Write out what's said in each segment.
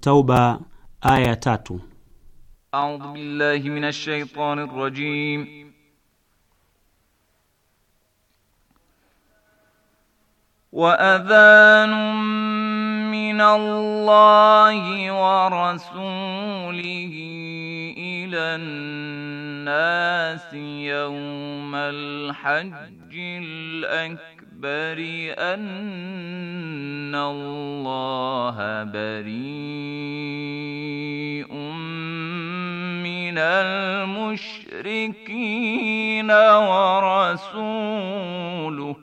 Tauba aya ya tatu. A'udhu billahi minash shaitani rrajim. وأذان من الله ورسوله إلى الناس يوم الحج الأكبر الْمِحْبَرِ أَنَّ اللَّهَ بَرِيءٌ مِنَ الْمُشْرِكِينَ وَرَسُولُهُ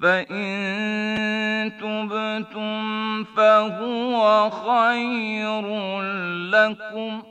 فَإِن تُبْتُمْ فَهُوَ خَيْرٌ لَّكُمْ ۖ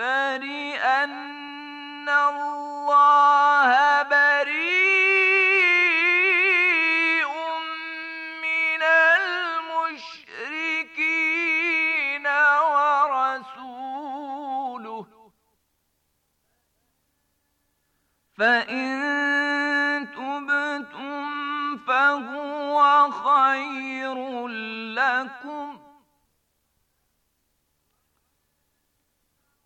أن الله بريء من المشركين ورسوله فإن تبتم فهو خير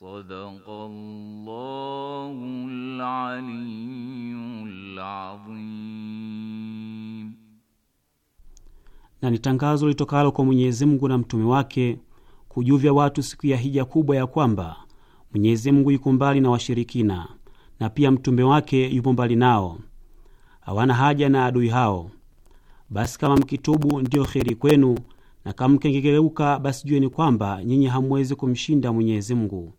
Na ni tangazo litokalo kwa Mwenyezi Mungu na mtume wake kujuvya watu siku ya hija kubwa ya kwamba Mwenyezi Mungu yuko mbali na washirikina na pia mtume wake yupo mbali nao, hawana haja na adui hao. Basi kama mkitubu ndiyo kheri kwenu, na kama mkengegeuka, basi jueni kwamba nyinyi hamwezi kumshinda Mwenyezi Mungu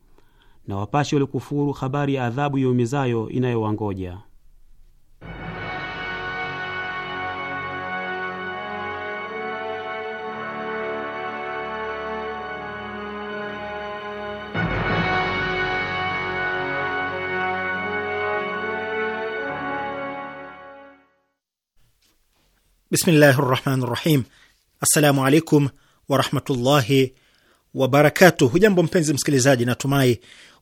na wapashe walikufuru habari ya adhabu yaumizayo inayowangoja. Bismillahi rahmani rahim. Assalamu alaikum warahmatullahi wabarakatuh. Hujambo mpenzi msikilizaji, natumai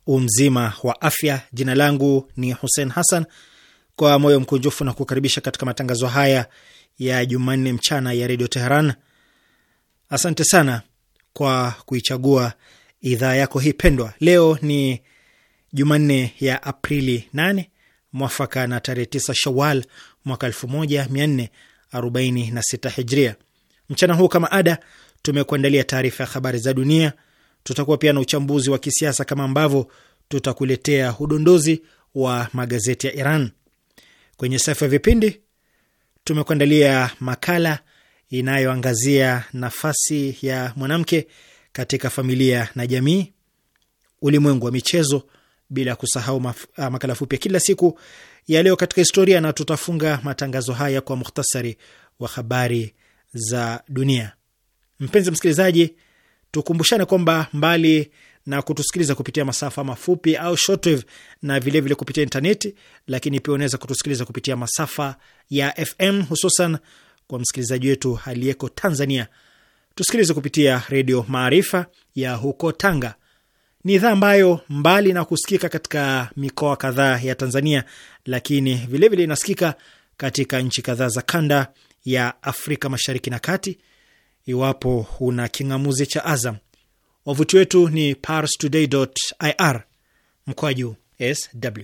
umzima wa afya. Jina langu ni Hussein Hassan, kwa moyo mkunjufu na kukaribisha katika matangazo haya ya Jumanne mchana ya redio Teheran. Asante sana kwa kuichagua idhaa yako hii pendwa. Leo ni Jumanne ya Aprili 8 mwafaka na tarehe 9 Shawal mwaka 1446 Hijria. Mchana huu kama ada, tumekuandalia taarifa ya habari za dunia Tutakuwa pia na uchambuzi wa kisiasa kama ambavyo tutakuletea udondozi wa magazeti ya Iran. Kwenye safu ya vipindi tumekuandalia makala inayoangazia nafasi ya mwanamke katika familia na jamii, ulimwengu wa michezo, bila kusahau ah, makala fupi ya kila siku ya leo katika historia, na tutafunga matangazo haya kwa muhtasari wa habari za dunia. Mpenzi msikilizaji Tukumbushane kwamba mbali na kutusikiliza kupitia masafa mafupi au shortwave na vilevile vile kupitia intaneti, lakini pia unaweza kutusikiliza kupitia masafa ya FM, hususan kwa msikilizaji wetu aliyeko Tanzania, tusikilize kupitia Redio Maarifa ya huko Tanga. Ni idhaa ambayo mbali na kusikika katika mikoa kadhaa ya Tanzania, lakini vilevile vile inasikika katika nchi kadhaa za kanda ya Afrika Mashariki na Kati iwapo una king'amuzi cha Azam. Wavuti wetu ni parstoday.ir mkwaju sw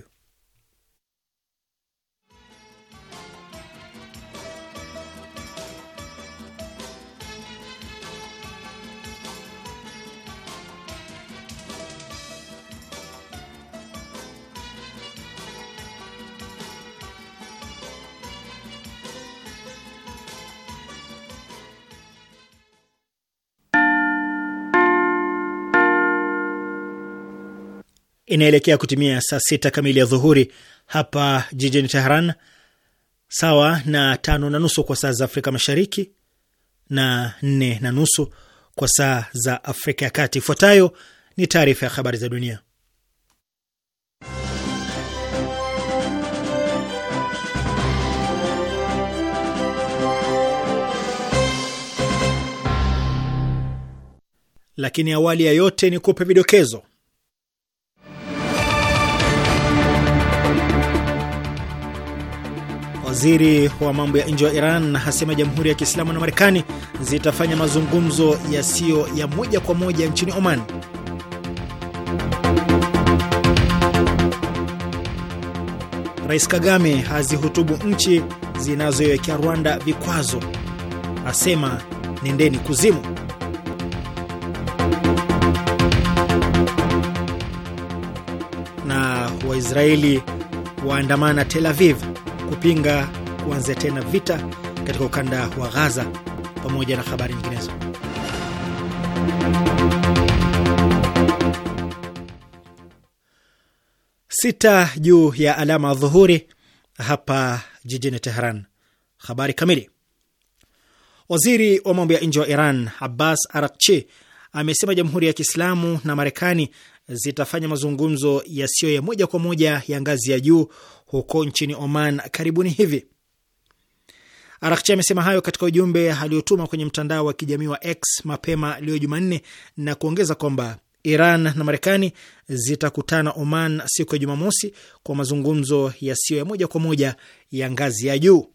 inaelekea kutimia saa sita kamili ya dhuhuri hapa jijini teheran sawa na tano na nusu kwa saa za Afrika Mashariki na nne na nusu kwa saa za Afrika ya Kati. Ifuatayo ni taarifa ya habari za dunia, lakini awali ya yote ni kupe vidokezo Waziri wa mambo ya nje wa Iran asema Jamhuri ya Kiislamu na Marekani zitafanya mazungumzo yasiyo ya moja kwa moja nchini Oman. Rais Kagame hazihutubu nchi zinazoiwekea Rwanda vikwazo, asema nendeni kuzimu. Na Waisraeli waandamana Tel Aviv kupinga kuanzia tena vita katika ukanda wa Gaza pamoja na habari nyinginezo. Sita juu ya alama dhuhuri hapa jijini Teheran. Habari kamili. Waziri wa mambo ya nje wa Iran Abbas Arakchi amesema Jamhuri ya Kiislamu na Marekani zitafanya mazungumzo yasiyo ya moja kwa moja ya ngazi ya juu huko nchini Oman karibuni hivi. Arakchi amesema hayo katika ujumbe aliotuma kwenye mtandao wa kijamii wa X mapema leo Jumanne na kuongeza kwamba Iran na Marekani zitakutana Oman siku ya Jumamosi kwa mazungumzo yasiyo ya moja kwa moja ya ngazi ya juu.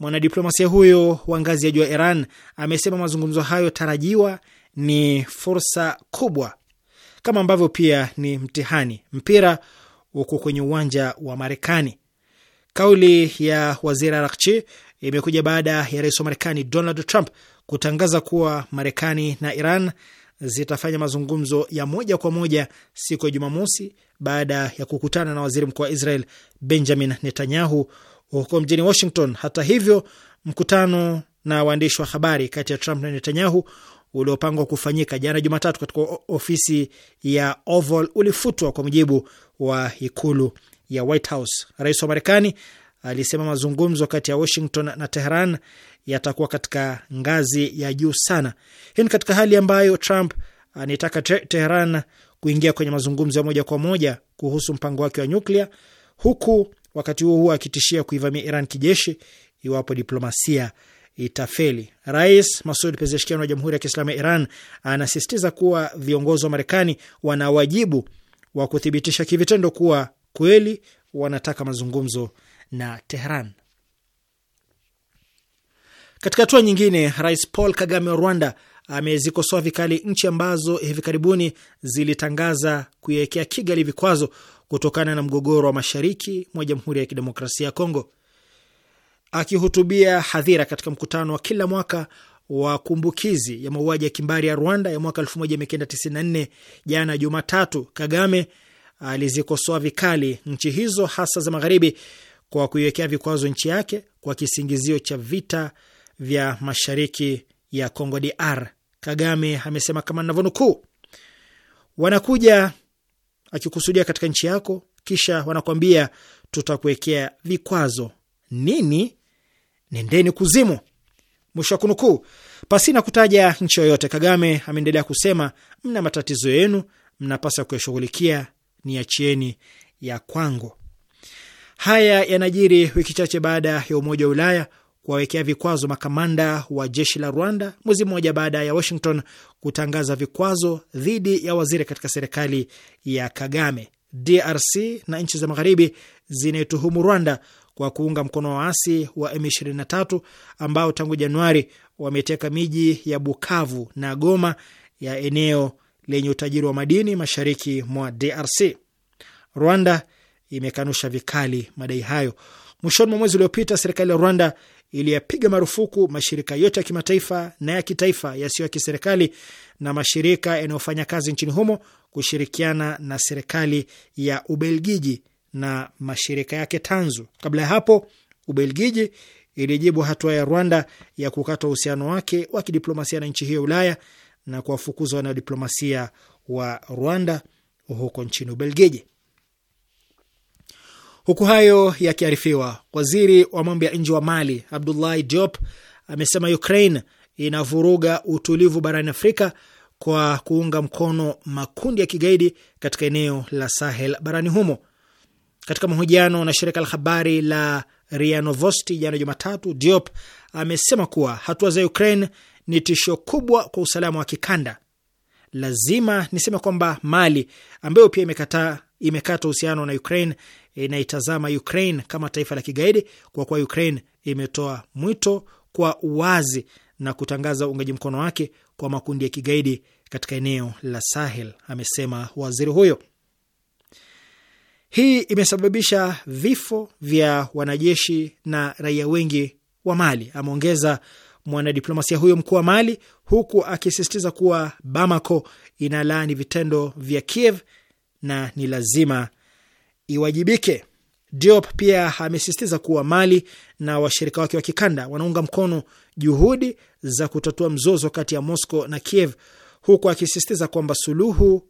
Mwanadiplomasia huyo wa ngazi ya juu ya Iran amesema mazungumzo hayo tarajiwa ni fursa kubwa, kama ambavyo pia ni mtihani, mpira uko kwenye uwanja wa Marekani. Kauli ya waziri Arakchi imekuja baada ya rais wa Marekani Donald Trump kutangaza kuwa Marekani na Iran zitafanya mazungumzo ya moja kwa moja siku ya Jumamosi baada ya kukutana na waziri mkuu wa Israel Benjamin Netanyahu huko mjini Washington. Hata hivyo, mkutano na waandishi wa habari kati ya Trump na Netanyahu uliopangwa kufanyika jana Jumatatu katika ofisi ya Oval ulifutwa kwa mujibu wa ikulu ya White House. Rais wa Marekani alisema mazungumzo kati ya Washington na Teheran yatakuwa katika ngazi ya juu sana. Hii ni katika hali ambayo Trump anaitaka Teheran kuingia kwenye mazungumzo ya moja kwa moja kuhusu mpango wake wa nyuklia, huku wakati huo huo akitishia kuivamia Iran kijeshi iwapo diplomasia itafeli. Rais Masud Pezeshkian wa Jamhuri ya Kiislamu ya Iran anasisitiza kuwa viongozi wa Marekani wana wajibu wa kuthibitisha kivitendo kuwa kweli wanataka mazungumzo na Tehran. Katika hatua nyingine, Rais Paul Kagame wa Rwanda amezikosoa vikali nchi ambazo hivi karibuni zilitangaza kuiwekea Kigali vikwazo kutokana na mgogoro wa mashariki mwa Jamhuri ya Kidemokrasia ya Kongo. Akihutubia hadhira katika mkutano wa kila mwaka wa kumbukizi ya mauaji ya kimbari ya Rwanda ya mwaka 1994 jana Jumatatu, Kagame alizikosoa vikali nchi hizo hasa za magharibi kwa kuiwekea vikwazo nchi yake kwa kisingizio cha vita vya mashariki ya Congo DR. Kagame amesema kama navyonukuu, wanakuja akikusudia katika nchi yako, kisha wanakwambia tutakuwekea vikwazo nini? Nendeni kuzimu. Mwisho wa kunukuu. Pasina kutaja nchi yoyote, Kagame ameendelea kusema, mna matatizo yenu, mnapasa kuyashughulikia, ni achieni ya kwangu. Haya yanajiri wiki chache baada ya Umoja wa Ulaya kuwawekea vikwazo makamanda wa jeshi la Rwanda, mwezi mmoja baada ya Washington kutangaza vikwazo dhidi ya waziri katika serikali ya Kagame. DRC na nchi za magharibi zinaituhumu Rwanda kwa kuunga mkono waasi wa M23 ambao tangu Januari wameteka miji ya Bukavu na Goma ya eneo lenye utajiri wa madini mashariki mwa DRC. Rwanda imekanusha vikali madai hayo. Mwishoni mwa mwezi uliopita, serikali ya Rwanda iliyapiga marufuku mashirika yote ya kimataifa na ya kitaifa yasiyo ya kiserikali na mashirika yanayofanya kazi nchini humo kushirikiana na serikali ya Ubelgiji na mashirika yake tanzu. Kabla ya hapo, Ubelgiji ilijibu hatua ya Rwanda ya kukata uhusiano wake wa kidiplomasia na nchi hiyo Ulaya na kuwafukuza wanadiplomasia wa Rwanda huko nchini Ubelgiji. Huku hayo yakiarifiwa, waziri wa mambo ya nje wa Mali Abdullahi Diop amesema Ukraine inavuruga utulivu barani Afrika kwa kuunga mkono makundi ya kigaidi katika eneo la Sahel barani humo. Katika mahojiano na shirika la habari la RIA Novosti jana Jumatatu, Diop amesema kuwa hatua za Ukraine ni tishio kubwa kwa usalama wa kikanda. Lazima niseme kwamba Mali ambayo pia imekataa imekata uhusiano na Ukraine inaitazama Ukraine kama taifa la kigaidi, kwa kuwa Ukraine imetoa mwito kwa uwazi na kutangaza uungaji mkono wake kwa makundi ya kigaidi katika eneo la Sahel, amesema waziri huyo. Hii imesababisha vifo vya wanajeshi na raia wengi wa Mali, ameongeza mwanadiplomasia huyo mkuu wa Mali, huku akisisitiza kuwa Bamako inalaani vitendo vya Kiev na ni lazima iwajibike. Diop pia amesisitiza kuwa Mali na washirika wake wa kikanda wanaunga mkono juhudi za kutatua mzozo kati ya Moscow na Kiev, huku akisisitiza kwamba suluhu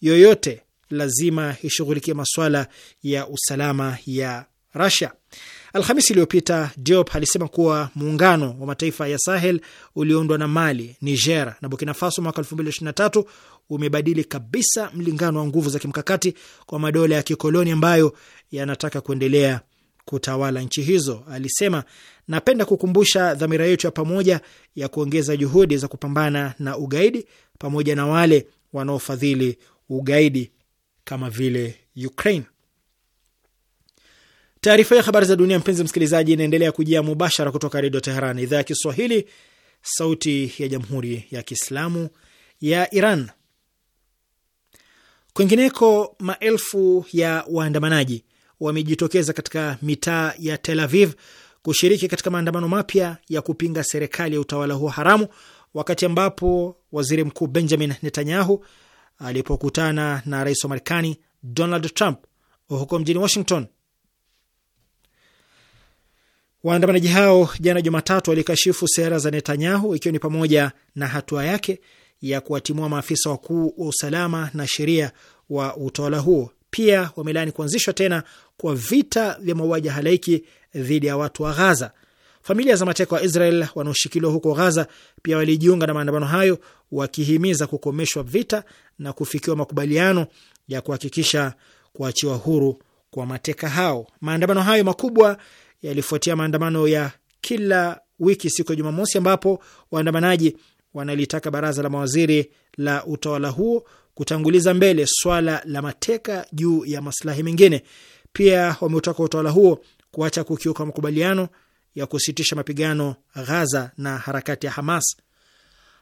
yoyote lazima ishughulikie masuala ya usalama ya Rasia. Alhamisi iliyopita Diop alisema kuwa muungano wa mataifa ya Sahel ulioundwa na Mali, Niger na Burkina Faso mwaka 2023 umebadili kabisa mlingano wa nguvu za kimkakati kwa madola ya kikoloni ambayo yanataka kuendelea kutawala nchi hizo. Alisema, napenda kukumbusha dhamira yetu ya pamoja ya kuongeza juhudi za kupambana na ugaidi pamoja na wale wanaofadhili ugaidi kama vile Ukraine. Taarifa ya habari za dunia, mpenzi msikilizaji, inaendelea kujia mubashara kutoka Redio Teheran, idhaa ya Kiswahili, sauti ya jamhuri ya kiislamu ya Iran. Kwingineko, maelfu ya waandamanaji wamejitokeza katika mitaa ya Tel Aviv kushiriki katika maandamano mapya ya kupinga serikali ya utawala huo haramu, wakati ambapo waziri mkuu Benjamin Netanyahu alipokutana na rais wa Marekani Donald Trump huko mjini Washington. Waandamanaji hao jana Jumatatu walikashifu sera za Netanyahu, ikiwa ni pamoja na hatua yake ya kuwatimua maafisa wakuu wa usalama na sheria wa utawala huo. Pia wamelaani kuanzishwa tena kwa vita vya mauaji halaiki dhidi ya watu wa Ghaza. Familia za mateka wa Israel wanaoshikiliwa huko Ghaza pia walijiunga na maandamano hayo wakihimiza kukomeshwa vita na kufikiwa makubaliano ya kuhakikisha kuachiwa huru kwa mateka hao. Maandamano hayo makubwa yalifuatia maandamano ya kila wiki siku ya Jumamosi, ambapo waandamanaji wanalitaka baraza la mawaziri la utawala huo kutanguliza mbele swala la mateka juu ya maslahi mengine. Pia wameutaka utawala huo kuacha kukiuka makubaliano ya kusitisha mapigano Ghaza na harakati ya Hamas.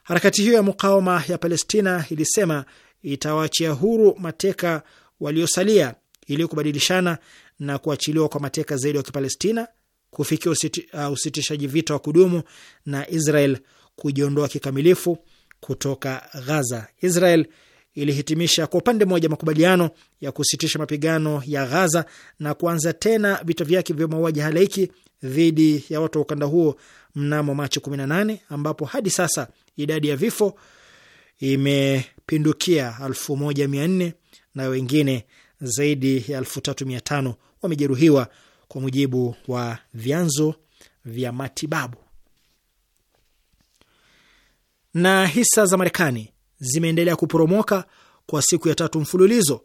Harakati hiyo ya mukawama ya Palestina ilisema itawaachia huru mateka waliosalia ili kubadilishana na kuachiliwa kwa mateka zaidi wa Kipalestina kufikia uh, usitishaji vita wa kudumu na Israel kujiondoa kikamilifu kutoka Ghaza. Israel ilihitimisha kwa upande mmoja makubaliano ya kusitisha mapigano ya Ghaza na kuanza tena vita vyake vya mauaji halaiki dhidi ya watu wa ukanda huo mnamo Machi 18 ambapo hadi sasa idadi ya vifo imepindukia 1400 na wengine zaidi ya 3500 wamejeruhiwa kwa mujibu wa vyanzo vya matibabu. Na hisa za Marekani zimeendelea kuporomoka kwa siku ya tatu mfululizo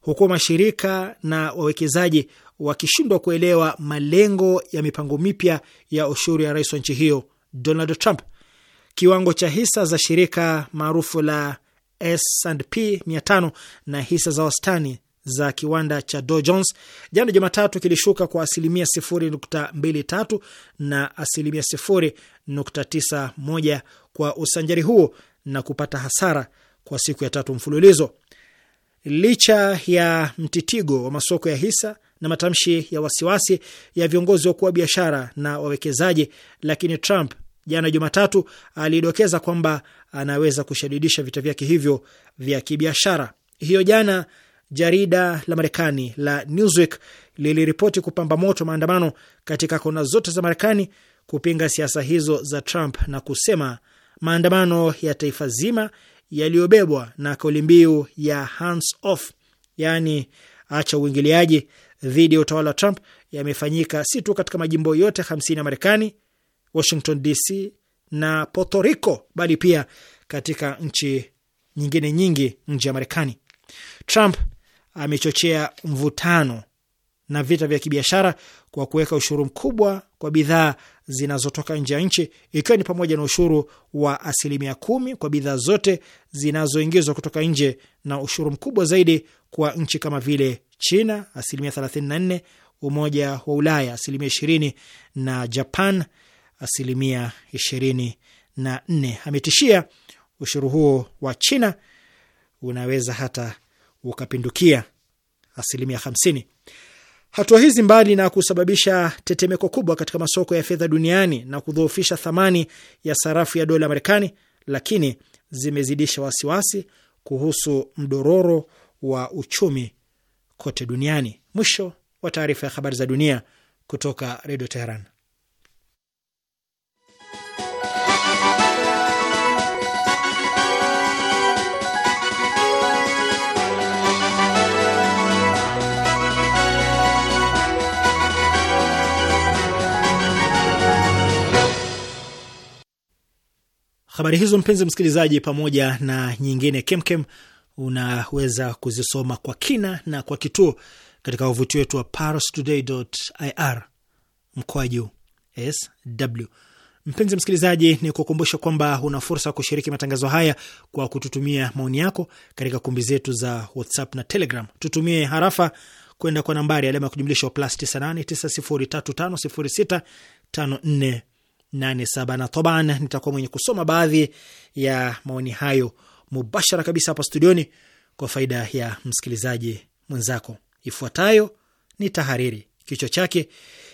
huku mashirika na wawekezaji wakishindwa kuelewa malengo ya mipango mipya ya ushuru ya rais wa nchi hiyo Donald Trump. Kiwango cha hisa za shirika maarufu la S&P 500 na hisa za wastani za kiwanda cha Dow Jones jana Jumatatu kilishuka kwa asilimia 0.23 na asilimia 0.91 kwa usanjari huo na kupata hasara kwa siku ya tatu mfululizo. Licha ya mtitigo wa masoko ya hisa na matamshi ya wasiwasi ya viongozi wakuu wa biashara na wawekezaji, lakini Trump jana Jumatatu alidokeza kwamba anaweza kushadidisha vita vyake hivyo vya kibiashara. Hiyo jana jarida la Marekani la Newsweek liliripoti kupamba moto maandamano katika kona zote za Marekani kupinga siasa hizo za Trump na kusema maandamano ya taifa zima yaliyobebwa na kauli mbiu ya hands off, yaani acha uingiliaji, dhidi ya utawala wa Trump yamefanyika si tu katika majimbo yote 50 ya Marekani, Washington DC na Puerto Rico, bali pia katika nchi nyingine nyingi nje ya Marekani. Trump amechochea mvutano na vita vya kibiashara kwa kuweka ushuru mkubwa kwa bidhaa zinazotoka nje ya nchi ikiwa ni pamoja na ushuru wa asilimia kumi kwa bidhaa zote zinazoingizwa kutoka nje na ushuru mkubwa zaidi kwa nchi kama vile China asilimia 34, Umoja wa Ulaya asilimia 20 na Japan asilimia 24. Ametishia ushuru huo wa China unaweza hata ukapindukia asilimia hamsini Hatua hizi mbali na kusababisha tetemeko kubwa katika masoko ya fedha duniani na kudhoofisha thamani ya sarafu ya dola ya Marekani, lakini zimezidisha wasiwasi kuhusu mdororo wa uchumi kote duniani. Mwisho wa taarifa ya habari za dunia kutoka Redio Teheran. Habari hizo mpenzi msikilizaji, pamoja na nyingine kemkem, unaweza kuzisoma kwa kina na kwa kituo katika wavuti wetu wa parstoday.ir juu sw. Mpenzi msikilizaji, ni kukumbusha kwamba una fursa ya kushiriki matangazo haya kwa kututumia maoni yako katika kumbi zetu za WhatsApp na Telegram. Tutumie harafa kwenda kwa nambari alama ya kujumlisha plus 9890350654 87 na taban, nitakuwa mwenye kusoma baadhi ya maoni hayo mubashara kabisa hapa studioni kwa faida ya msikilizaji mwenzako. Ifuatayo ni tahariri, kichwa chake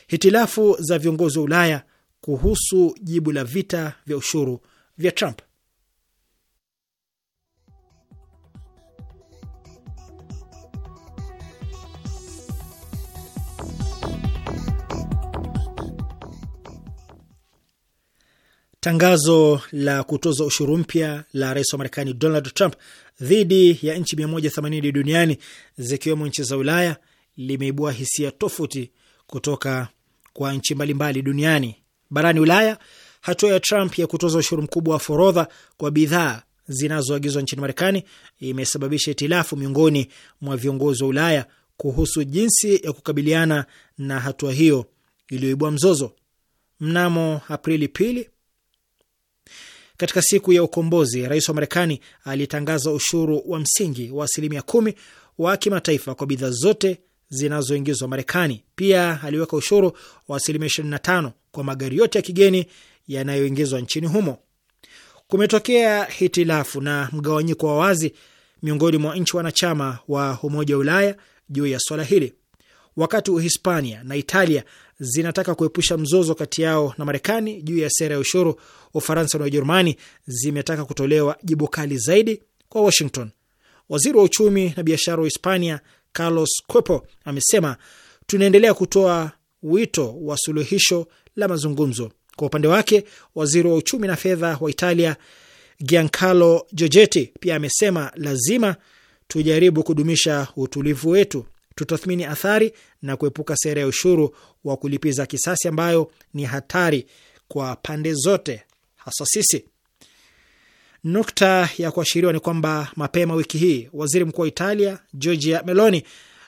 hitilafu za viongozi wa Ulaya kuhusu jibu la vita vya ushuru vya Trump. Tangazo la kutoza ushuru mpya la rais wa Marekani Donald Trump dhidi ya nchi 180 duniani zikiwemo nchi za Ulaya limeibua hisia tofauti kutoka kwa nchi mbalimbali duniani. Barani Ulaya, hatua ya Trump ya kutoza ushuru mkubwa wa forodha kwa bidhaa zinazoagizwa nchini Marekani imesababisha itilafu miongoni mwa viongozi wa Ulaya kuhusu jinsi ya kukabiliana na hatua hiyo iliyoibua mzozo. Mnamo Aprili pili katika siku ya ukombozi, rais wa Marekani alitangaza ushuru wa msingi wa asilimia kumi wa kimataifa kwa bidhaa zote zinazoingizwa Marekani. Pia aliweka ushuru wa asilimia tano kwa magari yote ya kigeni yanayoingizwa nchini humo. Kumetokea hitilafu na mgawanyiko wa wazi miongoni mwa nchi wanachama wa Umoja wa Ulaya juu ya swala hili. Wakati Uhispania na Italia zinataka kuepusha mzozo kati yao na Marekani juu ya sera ya ushuru. Ufaransa na Ujerumani zimetaka kutolewa jibu kali zaidi kwa Washington. Waziri wa uchumi na biashara wa Hispania Carlos Cuepo amesema tunaendelea kutoa wito wa suluhisho la mazungumzo. Kwa upande wake, waziri wa uchumi na fedha wa Italia Giancarlo Giorgetti pia amesema lazima tujaribu kudumisha utulivu wetu tutathmini athari na kuepuka sera ya ushuru wa kulipiza kisasi ambayo ni hatari kwa pande zote, hasa sisi. Nukta ya kuashiriwa ni kwamba mapema wiki hii waziri mkuu wa Italia Giorgia Meloni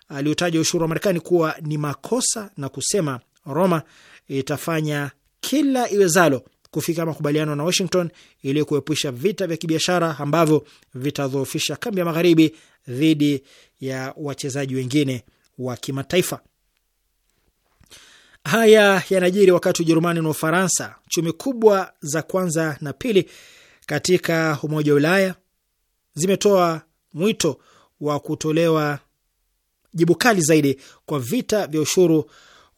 aliutaja ushuru wa Marekani kuwa ni makosa na kusema Roma itafanya kila iwezalo kufika makubaliano na Washington ili kuepusha vita vya kibiashara ambavyo vitadhoofisha kambi ya magharibi dhidi ya wachezaji wengine wa kimataifa. Haya yanajiri wakati Ujerumani na Ufaransa, chumi kubwa za kwanza na pili katika Umoja wa Ulaya, zimetoa mwito wa kutolewa jibu kali zaidi kwa vita vya ushuru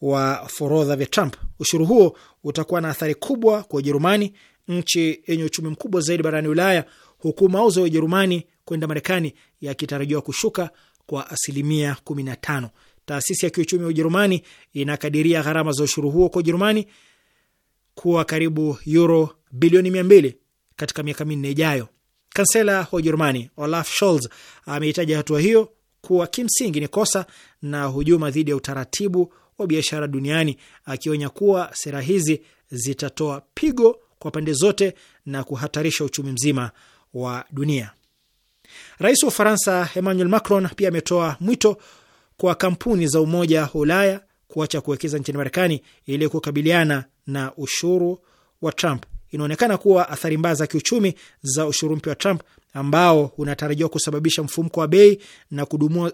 wa forodha vya Trump. Ushuru huo utakuwa na athari kubwa kwa Ujerumani, nchi yenye uchumi mkubwa zaidi barani Ulaya, huku mauzo ya Ujerumani kwenda Marekani yakitarajiwa kushuka kwa asilimia 15. Taasisi ya kiuchumi ya Ujerumani inakadiria gharama za ushuru huo kwa Ujerumani kuwa karibu euro bilioni 200 katika miaka minne ijayo. Kansela wa Ujerumani Olaf Scholz amehitaja hatua hiyo kuwa kimsingi ni kosa na hujuma dhidi ya utaratibu wa biashara duniani, akionya kuwa sera hizi zitatoa pigo kwa pande zote na kuhatarisha uchumi mzima wa dunia. Rais wa Ufaransa Emmanuel Macron pia ametoa mwito kwa kampuni za Umoja wa Ulaya kuacha kuwekeza nchini Marekani ili kukabiliana na ushuru wa Trump. Inaonekana kuwa athari mbaya za kiuchumi za ushuru mpya wa Trump ambao unatarajiwa kusababisha mfumko wa bei na,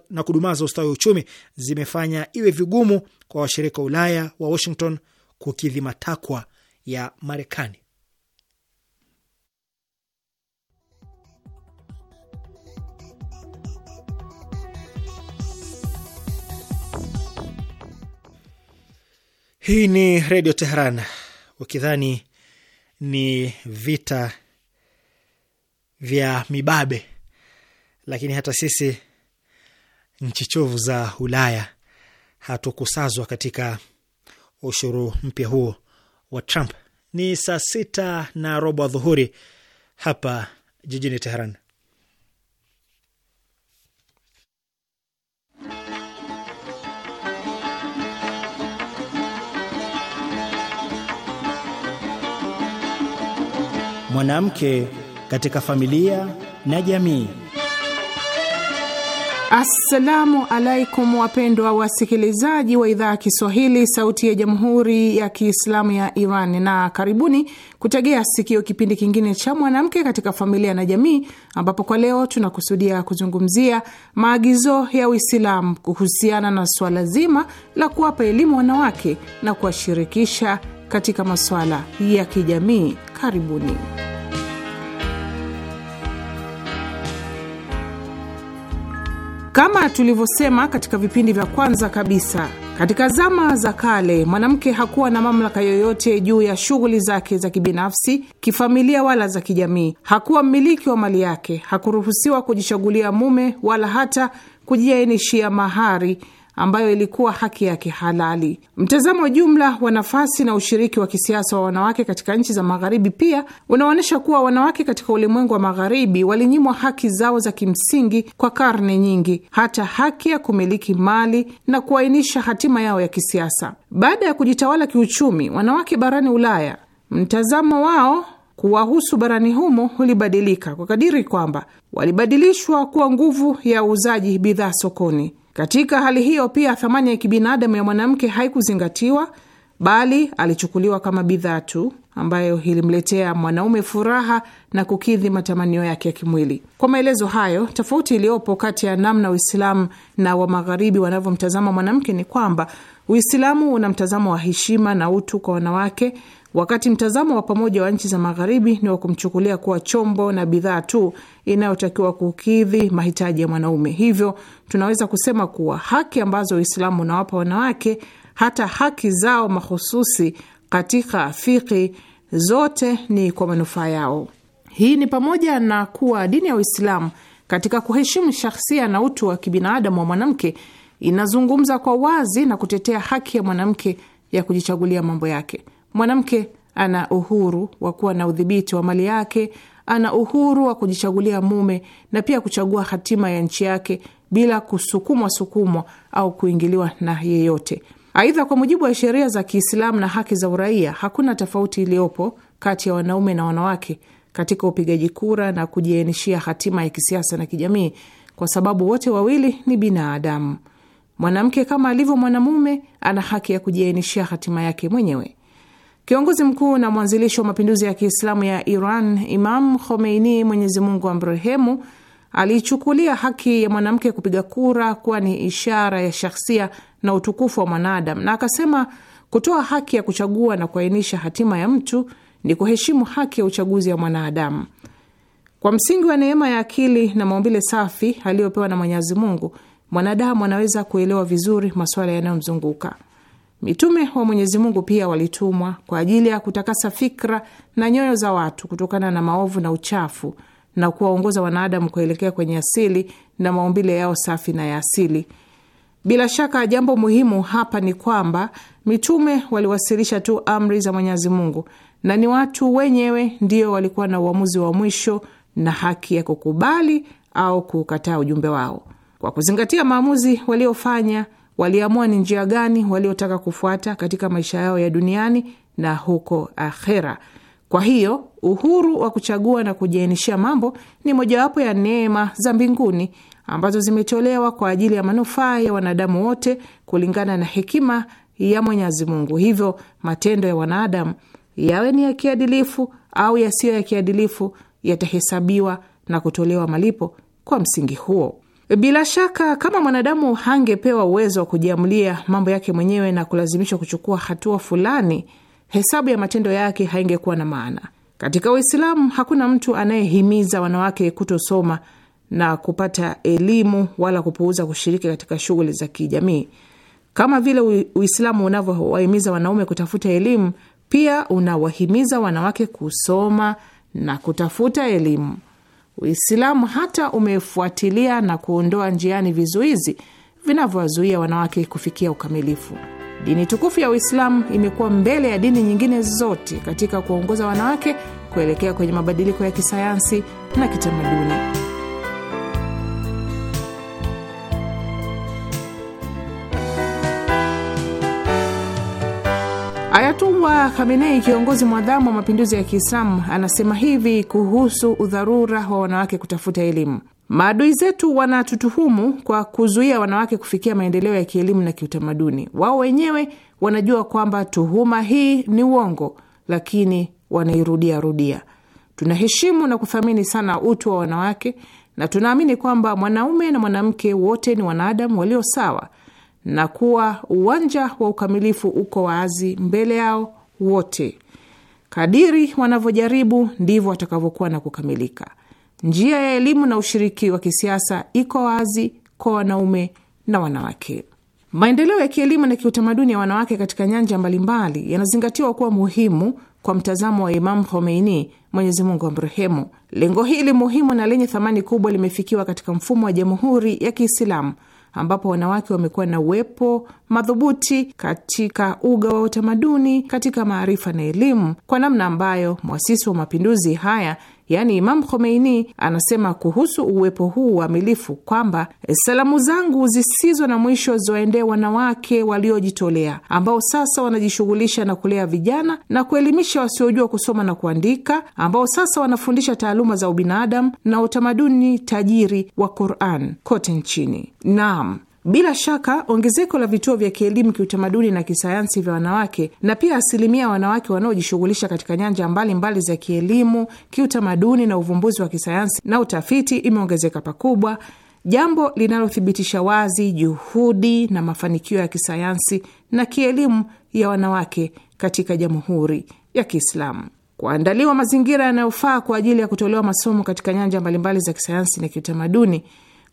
na kudumaza ustawi wa uchumi zimefanya iwe vigumu kwa washirika wa Ulaya wa Washington kukidhi matakwa ya Marekani. Hii ni Redio Teheran. Ukidhani ni vita vya mibabe, lakini hata sisi nchi chovu za Ulaya hatukusazwa katika ushuru mpya huo wa Trump. Ni saa sita na robo adhuhuri hapa jijini Teheran. Mwanamke katika familia na jamii. Assalamu alaikum, wapendwa wasikilizaji wa idhaa ya Kiswahili sauti ya jamhuri ya Kiislamu ya Iran, na karibuni kutegea sikio kipindi kingine cha mwanamke katika familia na jamii, ambapo kwa leo tunakusudia kuzungumzia maagizo ya Uislamu kuhusiana na swala zima la kuwapa elimu wanawake na kuwashirikisha katika maswala ya kijamii. Karibuni. Kama tulivyosema katika vipindi vya kwanza kabisa, katika zama za kale mwanamke hakuwa na mamlaka yoyote juu ya shughuli zake za kibinafsi, kifamilia, wala za kijamii. Hakuwa mmiliki wa mali yake, hakuruhusiwa kujichagulia mume wala hata kujiainishia mahari ambayo ilikuwa haki yake halali. Mtazamo jumla wa nafasi na ushiriki wa kisiasa wa wanawake katika nchi za Magharibi pia unaonyesha kuwa wanawake katika ulimwengu wa Magharibi walinyimwa haki zao za kimsingi kwa karne nyingi, hata haki ya kumiliki mali na kuainisha hatima yao ya kisiasa. Baada ya kujitawala kiuchumi wanawake barani Ulaya, mtazamo wao kuwahusu barani humo ulibadilika kwa kadiri kwamba walibadilishwa kuwa nguvu ya uuzaji bidhaa sokoni. Katika hali hiyo pia thamani ya kibinadamu ya mwanamke haikuzingatiwa, bali alichukuliwa kama bidhaa tu ambayo ilimletea mwanaume furaha na kukidhi matamanio yake ya kimwili. Kwa maelezo hayo, tofauti iliyopo kati ya namna Uislamu na wa Magharibi wanavyomtazama mwanamke ni kwamba Uislamu una mtazamo wa heshima na utu kwa wanawake wakati mtazamo wa pamoja wa nchi za Magharibi ni wa kumchukulia kuwa chombo na bidhaa tu inayotakiwa kukidhi mahitaji ya mwanaume. Hivyo tunaweza kusema kuwa haki ambazo Uislamu unawapa wanawake, hata haki zao mahususi katika fiki, zote ni kwa manufaa yao. Hii ni pamoja na kuwa dini ya Uislamu katika kuheshimu shahsia na utu wa kibinadamu wa mwanamke inazungumza kwa wazi na kutetea haki ya mwanamke ya kujichagulia mambo yake. Mwanamke ana uhuru wa kuwa na udhibiti wa mali yake, ana uhuru wa kujichagulia mume na pia kuchagua hatima ya nchi yake bila kusukumwa sukumwa au kuingiliwa na yeyote. Aidha, kwa mujibu wa sheria za Kiislamu na haki za uraia, hakuna tofauti iliyopo kati ya wanaume na wanawake katika upigaji kura na kujiainishia hatima ya kisiasa na kijamii, kwa sababu wote wawili ni binadamu. Mwanamke kama alivyo mwanamume ana haki ya kujiainishia hatima yake mwenyewe. Kiongozi mkuu na mwanzilishi wa mapinduzi ya Kiislamu ya Iran, Imam Khomeini, Mwenyezi Mungu amrehemu, aliichukulia haki ya mwanamke kupiga kura kuwa ni ishara ya shahsia na utukufu wa mwanadamu, na akasema kutoa haki ya kuchagua na kuainisha hatima ya mtu ni kuheshimu haki ya uchaguzi ya mwanadamu. Kwa msingi wa neema ya akili na maumbile safi aliyopewa na Mwenyezi Mungu, mwanadamu anaweza kuelewa vizuri masuala yanayomzunguka. Mitume wa Mwenyezi Mungu pia walitumwa kwa ajili ya kutakasa fikra na nyoyo za watu kutokana na maovu na uchafu na kuwaongoza wanadamu kuelekea kwenye asili na maumbile yao safi na ya asili. Bila shaka jambo muhimu hapa ni kwamba mitume waliwasilisha tu amri za Mwenyezi Mungu na ni watu wenyewe ndio walikuwa na uamuzi wa mwisho na haki ya kukubali au kukataa ujumbe wao. Kwa kuzingatia maamuzi waliofanya waliamua ni njia gani waliotaka kufuata katika maisha yao ya duniani na huko akhera. Kwa hiyo uhuru wa kuchagua na kujiainishia mambo ni mojawapo ya neema za mbinguni ambazo zimetolewa kwa ajili ya manufaa ya wanadamu wote kulingana na hekima ya Mwenyezi Mungu. Hivyo matendo ya wanadamu yawe ni ya kiadilifu au yasiyo ya kiadilifu, yatahesabiwa na kutolewa malipo kwa msingi huo. Bila shaka kama mwanadamu hangepewa uwezo wa kujiamulia mambo yake mwenyewe na kulazimishwa kuchukua hatua fulani, hesabu ya matendo yake haingekuwa na maana. Katika Uislamu hakuna mtu anayehimiza wanawake kutosoma na kupata elimu wala kupuuza kushiriki katika shughuli za kijamii. Kama vile Uislamu unavyowahimiza wanaume kutafuta elimu, pia unawahimiza wanawake kusoma na kutafuta elimu. Uislamu hata umefuatilia na kuondoa njiani vizuizi vinavyowazuia wanawake kufikia ukamilifu. Dini tukufu ya Uislamu imekuwa mbele ya dini nyingine zote katika kuwaongoza wanawake kuelekea kwenye mabadiliko ya kisayansi na kitamaduni. Ayatullah Khamenei, kiongozi mwadhamu wa mapinduzi ya Kiislamu, anasema hivi kuhusu udharura wa wanawake kutafuta elimu: maadui zetu wanatutuhumu kwa kuzuia wanawake kufikia maendeleo ya kielimu na kiutamaduni. Wao wenyewe wanajua kwamba tuhuma hii ni uongo, lakini wanairudia rudia. Tunaheshimu na kuthamini sana utu wa wanawake na tunaamini kwamba mwanaume na mwanamke wote ni wanadamu walio sawa na kuwa uwanja wa ukamilifu uko wazi mbele yao wote. Kadiri wanavyojaribu ndivyo watakavyokuwa na kukamilika. Njia ya elimu na ushiriki wa kisiasa iko wazi kwa wanaume na wanawake. Maendeleo ya kielimu na kiutamaduni ya wanawake katika nyanja mbalimbali yanazingatiwa kuwa muhimu kwa mtazamo wa Imamu Khomeini, Mwenyezi Mungu amrehemu. Lengo hili muhimu na lenye thamani kubwa limefikiwa katika mfumo wa Jamhuri ya Kiislamu ambapo wanawake wamekuwa na uwepo madhubuti katika uga wa utamaduni, katika maarifa na elimu, kwa namna ambayo mwasisi wa mapinduzi haya yaani Imam Khomeini anasema kuhusu uwepo huu uamilifu kwamba eh, salamu zangu zisizo na mwisho ziwaendee wanawake waliojitolea ambao sasa wanajishughulisha na kulea vijana na kuelimisha wasiojua kusoma na kuandika, ambao sasa wanafundisha taaluma za ubinadamu na utamaduni tajiri wa Quran kote nchini. Naam. Bila shaka ongezeko la vituo vya kielimu, kiutamaduni na kisayansi vya wanawake na pia asilimia ya wanawake wanaojishughulisha katika nyanja mbalimbali mbali za kielimu, kiutamaduni na uvumbuzi wa kisayansi na utafiti imeongezeka pakubwa, jambo linalothibitisha wazi juhudi na mafanikio ya kisayansi na kielimu ya wanawake katika Jamhuri ya Kiislamu. Kuandaliwa mazingira yanayofaa kwa ajili ya kutolewa masomo katika nyanja mbalimbali za kisayansi na kiutamaduni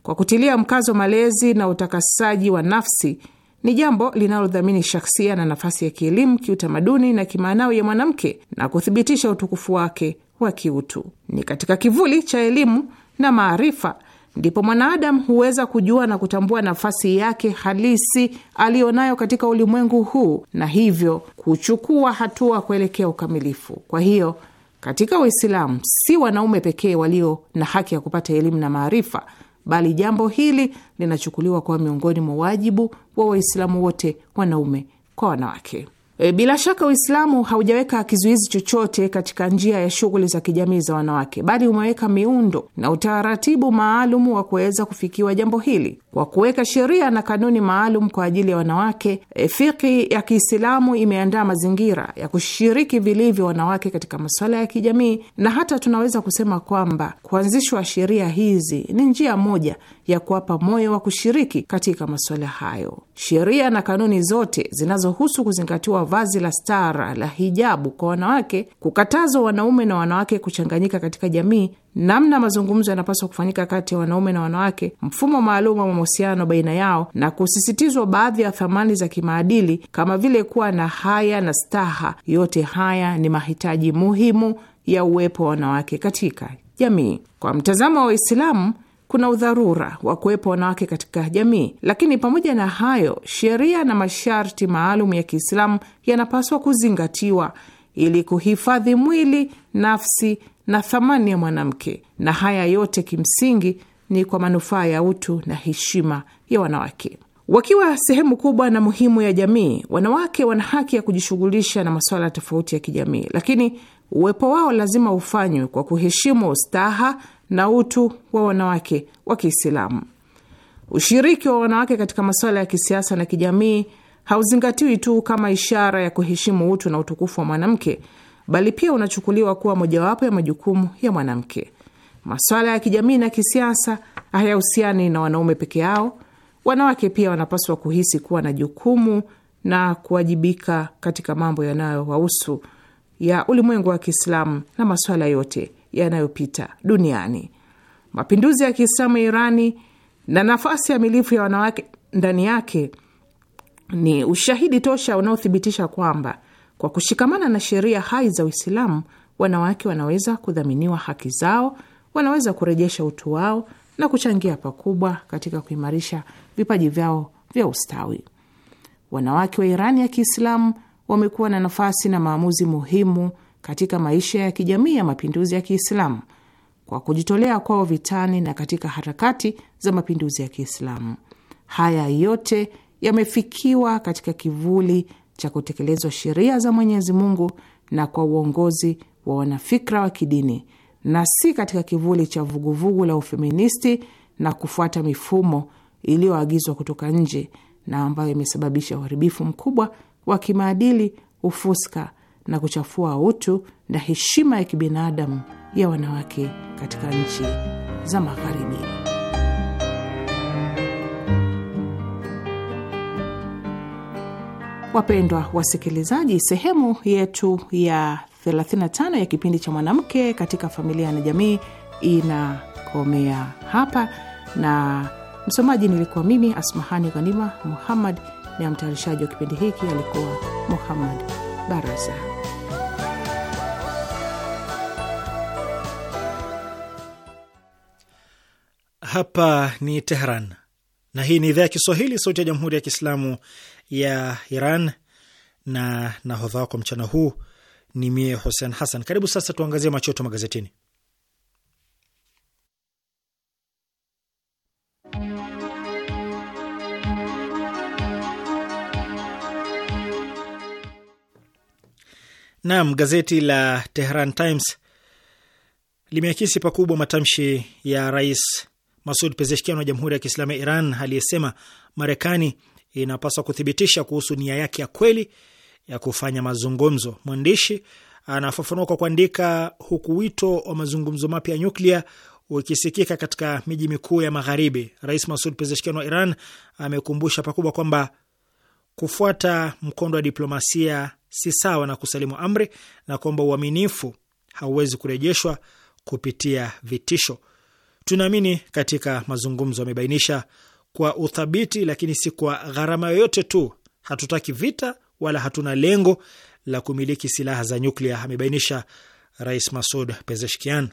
kwa kutilia mkazo malezi na utakasaji wa nafsi ni jambo linalodhamini shaksia na nafasi ya kielimu, kiutamaduni na kimaanawi ya mwanamke na kuthibitisha utukufu wake wa kiutu. Ni katika kivuli cha elimu na maarifa ndipo mwanaadamu huweza kujua na kutambua nafasi yake halisi aliyonayo katika ulimwengu huu na hivyo kuchukua hatua kuelekea ukamilifu. Kwa hiyo katika Uislamu si wanaume pekee walio na haki ya kupata elimu na maarifa bali jambo hili linachukuliwa kuwa miongoni mwa wajibu wa Waislamu wote wanaume kwa wanawake. E, bila shaka Uislamu haujaweka kizuizi chochote katika njia ya shughuli za kijamii za wanawake, bali umeweka miundo na utaratibu maalum wa kuweza kufikiwa jambo hili kwa kuweka sheria na kanuni maalum kwa ajili ya wanawake, eh, fiki ya Kiislamu imeandaa mazingira ya kushiriki vilivyo wanawake katika masuala ya kijamii, na hata tunaweza kusema kwamba kuanzishwa sheria hizi ni njia moja ya kuwapa moyo wa kushiriki katika masuala hayo. Sheria na kanuni zote zinazohusu kuzingatiwa vazi la stara la hijabu kwa wanawake, kukatazwa wanaume na wanawake kuchanganyika katika jamii namna mazungumzo yanapaswa kufanyika kati ya wanaume na wanawake, mfumo maalum wa mahusiano baina yao, na kusisitizwa baadhi ya thamani za kimaadili kama vile kuwa na haya na staha. Yote haya ni mahitaji muhimu ya uwepo wa wanawake katika jamii. Kwa mtazamo wa Waislamu, kuna udharura wa kuwepo wanawake katika jamii, lakini pamoja na hayo, sheria na masharti maalum ya Kiislamu yanapaswa kuzingatiwa ili kuhifadhi mwili, nafsi na thamani ya mwanamke, na haya yote kimsingi ni kwa manufaa ya utu na heshima ya wanawake. Wakiwa sehemu kubwa na muhimu ya jamii, wanawake wana haki ya kujishughulisha na masuala tofauti ya kijamii, lakini uwepo wao lazima ufanywe kwa kuheshimu staha na utu wa wanawake wa Kiislamu. Ushiriki wa wanawake katika masuala ya kisiasa na kijamii hauzingatiwi tu kama ishara ya kuheshimu utu na utukufu wa mwanamke, bali pia unachukuliwa kuwa mojawapo ya majukumu ya mwanamke. Maswala ya kijamii na kisiasa hayahusiani na wanaume peke yao. Wanawake pia wanapaswa kuhisi kuwa na jukumu na kuwajibika katika mambo yanayowahusu ya ulimwengu wa Kiislamu na maswala yote yanayopita duniani. Mapinduzi ya Kiislamu ya Irani na nafasi ya milifu ya wanawake ndani yake ni ushahidi tosha unaothibitisha kwamba kwa kushikamana na sheria hai za Uislamu, wanawake wanaweza kudhaminiwa haki zao, wanaweza kurejesha utu wao na kuchangia pakubwa katika kuimarisha vipaji vyao vya ustawi. Wanawake wa Irani ya Kiislamu wamekuwa na nafasi na maamuzi muhimu katika maisha ya kijamii ya mapinduzi ya Kiislamu kwa kujitolea kwao vitani na katika harakati za mapinduzi ya Kiislamu. Haya yote yamefikiwa katika kivuli cha kutekelezwa sheria za Mwenyezi Mungu na kwa uongozi wa wanafikra wa kidini na si katika kivuli cha vuguvugu la ufeministi na kufuata mifumo iliyoagizwa kutoka nje na ambayo imesababisha uharibifu mkubwa wa kimaadili, ufuska na kuchafua utu na heshima ya kibinadamu ya wanawake katika nchi za Magharibi. Wapendwa wasikilizaji, sehemu yetu ya 35 ya kipindi cha mwanamke katika familia na jamii inakomea hapa, na msomaji nilikuwa mimi Asmahani Ghanima Muhammad, na mtayarishaji wa kipindi hiki alikuwa Muhammad Barasa. Hapa ni Tehran na hii ni idhaa ya Kiswahili, sauti ya jamhuri ya kiislamu ya Iran na nahodha wako mchana huu ni mie Hussein Hassan. Karibu sasa, tuangazie machoto magazetini. Naam, gazeti la Tehran Times limeakisi pakubwa matamshi ya Rais Masud Pezeshkian wa Jamhuri ya Kiislamu ya Iran aliyesema Marekani inapaswa kuthibitisha kuhusu nia yake ya kweli ya kufanya mazungumzo. Mwandishi anafafanua kwa kuandika, huku wito wa mazungumzo mapya ya nyuklia ukisikika katika miji mikuu ya Magharibi, Rais Masud Pezeshkian wa Iran amekumbusha pakubwa kwamba kufuata mkondo wa diplomasia si sawa na kusalimu amri na kwamba uaminifu hauwezi kurejeshwa kupitia vitisho. Tunaamini katika mazungumzo, amebainisha kwa uthabiti, lakini si kwa gharama yoyote tu. Hatutaki vita wala hatuna lengo la kumiliki silaha za nyuklia, amebainisha Rais Masud Pezeshkian.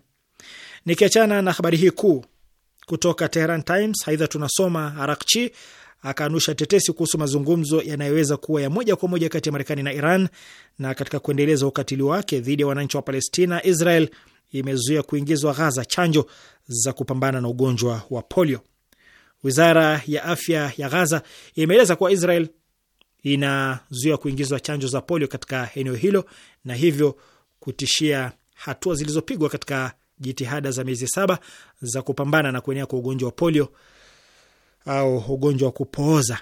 Nikiachana na habari hii kuu kutoka Tehran Times, aidha tunasoma Arakchi akaanusha tetesi kuhusu mazungumzo yanayoweza kuwa ya moja kwa moja kati ya Marekani na Iran, na katika kuendeleza ukatili wake dhidi ya wananchi wa Palestina, Israel imezuia kuingizwa Ghaza chanjo za kupambana na ugonjwa wa polio. Wizara ya afya ya Ghaza imeeleza kuwa Israel inazuia kuingizwa chanjo za polio katika eneo hilo na hivyo kutishia hatua zilizopigwa katika jitihada za miezi saba za kupambana na kuenea kwa ugonjwa wa polio au ugonjwa wa kupooza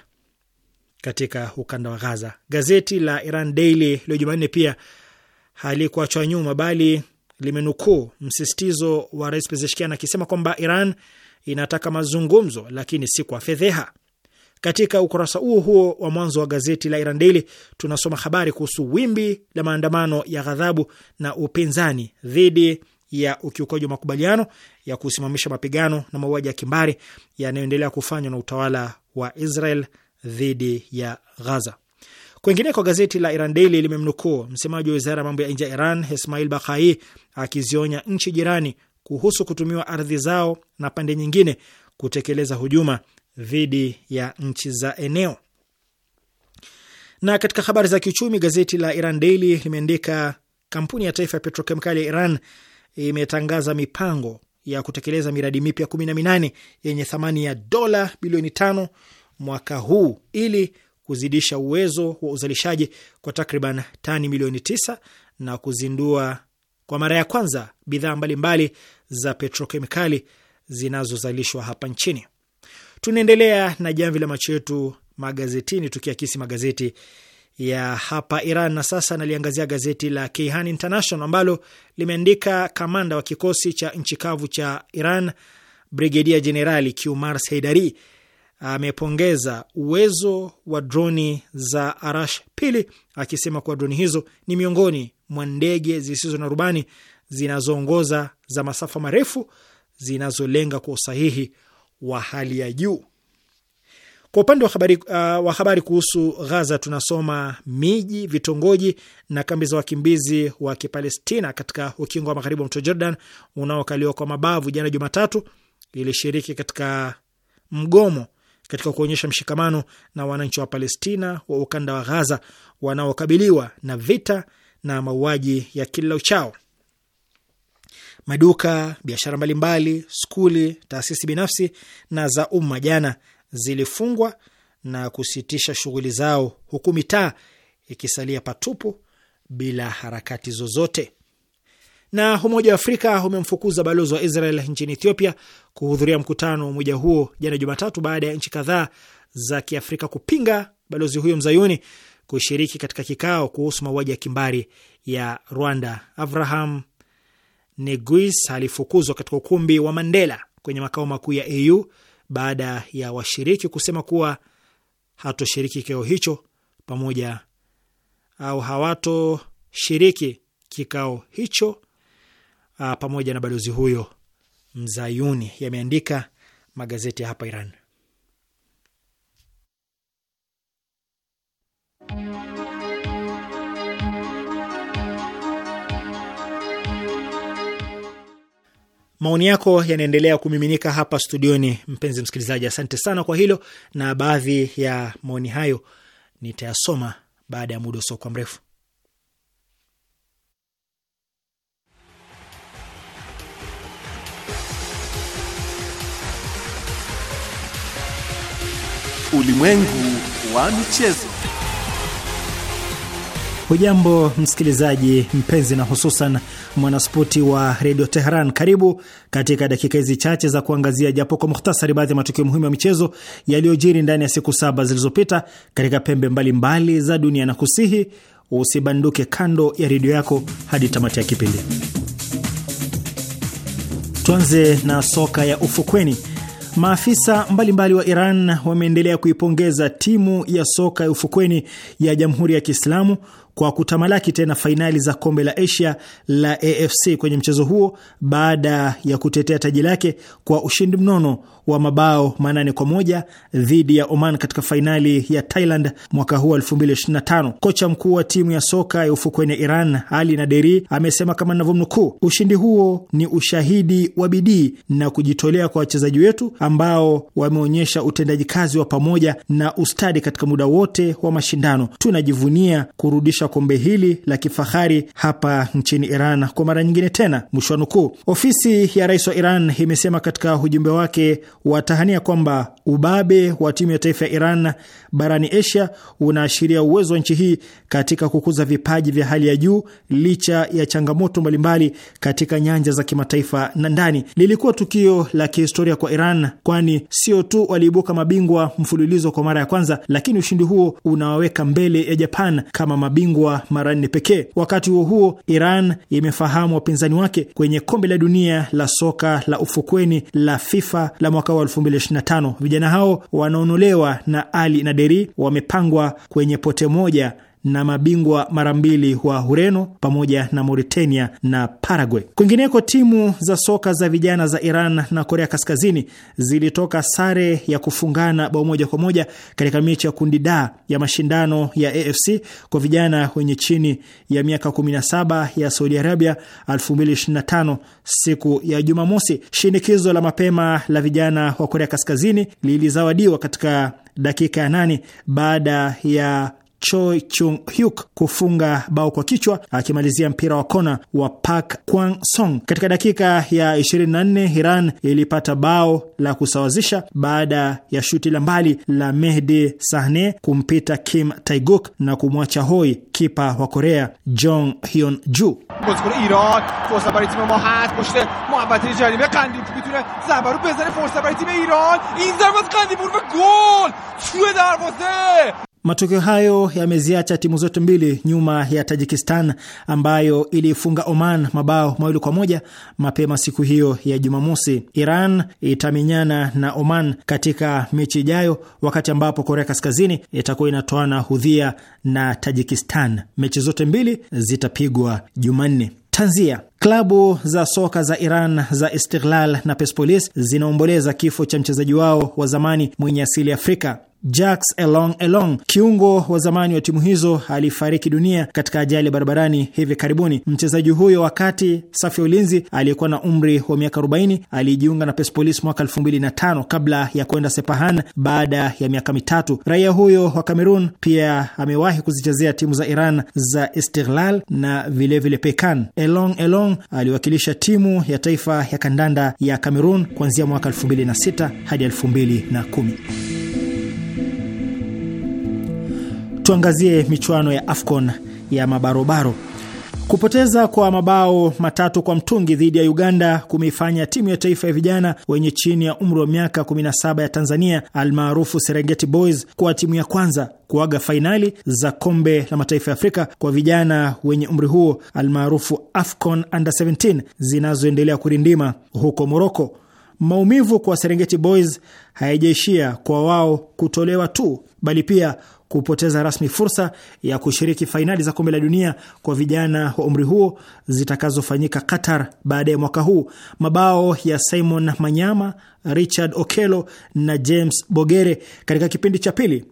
katika ukanda wa Gaza. Gazeti la Iran Daily leo Jumanne pia halikuachwa nyuma, bali limenukuu msisitizo wa Rais Pezeshkian akisema kwamba Iran inataka mazungumzo, lakini si kwa fedheha. Katika ukurasa huo huo wa mwanzo wa gazeti la Iran Daily tunasoma habari kuhusu wimbi la maandamano ya ghadhabu na upinzani dhidi ya ukiukaji wa makubaliano ya kusimamisha mapigano na mauaji ya kimbari yanayoendelea kufanywa na utawala wa Israel dhidi ya Gaza. Kwingineko, gazeti la Iran Daily limemnukuu msemaji wa wizara ya mambo ya nje ya Iran Ismail Bakai akizionya nchi jirani kuhusu kutumiwa ardhi zao na pande nyingine kutekeleza hujuma dhidi ya nchi za eneo. Na katika habari za kiuchumi, gazeti la Iran Daily limeandika kampuni ya taifa ya petrokemikali ya Iran imetangaza mipango ya kutekeleza miradi mipya kumi na minane yenye thamani ya dola bilioni tano mwaka huu ili kuzidisha uwezo wa uzalishaji kwa takriban tani milioni tisa na kuzindua kwa mara ya kwanza bidhaa mbalimbali za petrokemikali zinazozalishwa hapa nchini. Tunaendelea na jamvi la macho yetu magazetini, tukiakisi magazeti ya hapa Iran na sasa naliangazia gazeti la Kayhan International ambalo limeandika kamanda wa kikosi cha nchi kavu cha Iran Brigedia Jenerali Kiumars Heidari amepongeza uwezo wa droni za Arash pili akisema kuwa droni hizo ni miongoni mwa ndege zisizo na rubani zinazoongoza za masafa marefu zinazolenga kwa usahihi wa hali ya juu. Kwa upande wa habari, uh, wa habari kuhusu Ghaza tunasoma miji, vitongoji na kambi za wakimbizi wa Kipalestina katika ukingo wa magharibi wa mto Jordan unaokaliwa kwa mabavu, jana Jumatatu ilishiriki katika mgomo katika kuonyesha mshikamano na wananchi wa Palestina wa ukanda wa Ghaza wanaokabiliwa na vita na mauaji ya kila uchao. Maduka, biashara mbalimbali, skuli, taasisi binafsi na za umma jana zilifungwa na kusitisha shughuli zao, huku mitaa ikisalia patupu bila harakati zozote. Na Umoja wa Afrika umemfukuza balozi wa Israel nchini Ethiopia kuhudhuria mkutano wa umoja huo jana Jumatatu, baada ya nchi kadhaa za Kiafrika kupinga balozi huyo mzayuni kushiriki katika kikao kuhusu mauaji ya kimbari ya Rwanda. Abraham Neguis alifukuzwa katika ukumbi wa Mandela kwenye makao makuu ya AU baada ya washiriki kusema kuwa hatoshiriki kikao hicho pamoja au hawatoshiriki kikao hicho Ah, pamoja na balozi huyo mzayuni, yameandika magazeti ya hapa Iran. Maoni yako yanaendelea kumiminika hapa studioni, mpenzi msikilizaji, asante sana kwa hilo, na baadhi ya maoni hayo nitayasoma baada ya muda usiokuwa mrefu. Ulimwengu wa michezo. Hujambo msikilizaji mpenzi, na hususan mwanaspoti wa redio Teheran. Karibu katika dakika hizi chache za kuangazia japo kwa muhtasari baadhi ya matukio muhimu ya michezo yaliyojiri ndani ya siku saba zilizopita katika pembe mbalimbali mbali za dunia, na kusihi usibanduke kando ya redio yako hadi tamati ya kipindi. Tuanze na soka ya ufukweni. Maafisa mbalimbali mbali wa Iran wameendelea kuipongeza timu ya soka ya ufukweni ya Jamhuri ya Kiislamu kwa kutamalaki tena fainali za kombe la Asia la AFC kwenye mchezo huo baada ya kutetea taji lake kwa ushindi mnono wa mabao manane kwa moja dhidi ya Oman katika fainali ya Thailand mwaka huu 2025. Kocha mkuu wa timu ya soka ya ufukweni ya Iran, Ali Naderi, amesema kama ninavyomnukuu, ushindi huo ni ushahidi wa bidii na kujitolea kwa wachezaji wetu ambao wameonyesha utendaji kazi wa pamoja na ustadi katika muda wote wa mashindano. Tunajivunia kurudisha kulianzisha kombe hili la kifahari hapa nchini Iran kwa mara nyingine tena, mwisho wa nukuu. Ofisi ya rais wa Iran imesema katika ujumbe wake wa tahania kwamba ubabe wa timu ya taifa ya Iran barani Asia unaashiria uwezo wa nchi hii katika kukuza vipaji vya hali ya juu licha ya changamoto mbalimbali katika nyanja za kimataifa na ndani. Lilikuwa tukio la kihistoria kwa Iran, kwani sio tu waliibuka mabingwa mfululizo kwa mara ya kwanza, lakini ushindi huo unawaweka mbele ya Japan kama mabingwa bingwa mara nne pekee. Wakati huo huo, Iran imefahamu wapinzani wake kwenye kombe la dunia la soka la ufukweni la FIFA la mwaka wa 2025. Vijana hao wanaonolewa na Ali Naderi wamepangwa kwenye pote moja na mabingwa mara mbili wa Ureno pamoja na Mauritania na Paraguay. Kwingineko, timu za soka za vijana za Iran na Korea Kaskazini zilitoka sare ya kufungana bao moja kwa moja katika mechi ya kundi da ya mashindano ya AFC kwa vijana wenye chini ya miaka 17 ya Saudi Arabia 2025 siku ya Jumamosi. Shinikizo la mapema la vijana wa Korea Kaskazini lilizawadiwa katika dakika ya nane baada ya Choi Chung Hyuk kufunga bao kwa kichwa, akimalizia mpira wa kona wa Park Kwang Song. Katika dakika ya 24 Iran ilipata bao la kusawazisha baada ya shuti la mbali la Mehdi Sahne kumpita Kim taiguk na kumwacha hoi kipa wa Korea Jong Hyun Ju. Matokeo hayo yameziacha timu zote mbili nyuma ya Tajikistan ambayo iliifunga Oman mabao mawili kwa moja mapema siku hiyo ya Jumamosi. Iran itamenyana na Oman katika mechi ijayo, wakati ambapo Korea Kaskazini itakuwa inatoana hudhia na Tajikistan. Mechi zote mbili zitapigwa Jumanne. Tanzia. Klabu za soka za Iran za Istiklal na Persepolis zinaomboleza kifo cha mchezaji wao wa zamani mwenye asili Afrika Jacques Elong Elong, kiungo wa zamani wa timu hizo, alifariki dunia katika ajali barabarani hivi karibuni. Mchezaji huyo wakati safi ya ulinzi aliyekuwa na umri wa miaka 40 alijiunga na Persepolis mwaka 2005 kabla ya kwenda Sepahan baada ya miaka mitatu. Raia huyo wa Cameroon pia amewahi kuzichezea timu za Iran za Istiklal na vilevile vile Pekan. Elong Elong aliwakilisha timu ya taifa ya kandanda ya Cameroon kuanzia mwaka 2006 hadi 2010. Tuangazie michuano ya AFCON ya mabarobaro. Kupoteza kwa mabao matatu kwa mtungi dhidi ya Uganda kumeifanya timu ya taifa ya vijana wenye chini ya umri wa miaka 17 ya Tanzania almaarufu Serengeti Boys kuwa timu ya kwanza kuaga fainali za kombe la mataifa ya Afrika kwa vijana wenye umri huo almaarufu AFCON Under 17 zinazoendelea kurindima huko Moroko. Maumivu kwa Serengeti Boys hayajaishia kwa wao kutolewa tu, bali pia kupoteza rasmi fursa ya kushiriki fainali za kombe la dunia kwa vijana wa umri huo zitakazofanyika Qatar baada ya mwaka huu. Mabao ya Simon Manyama, Richard Okelo na James Bogere katika kipindi cha pili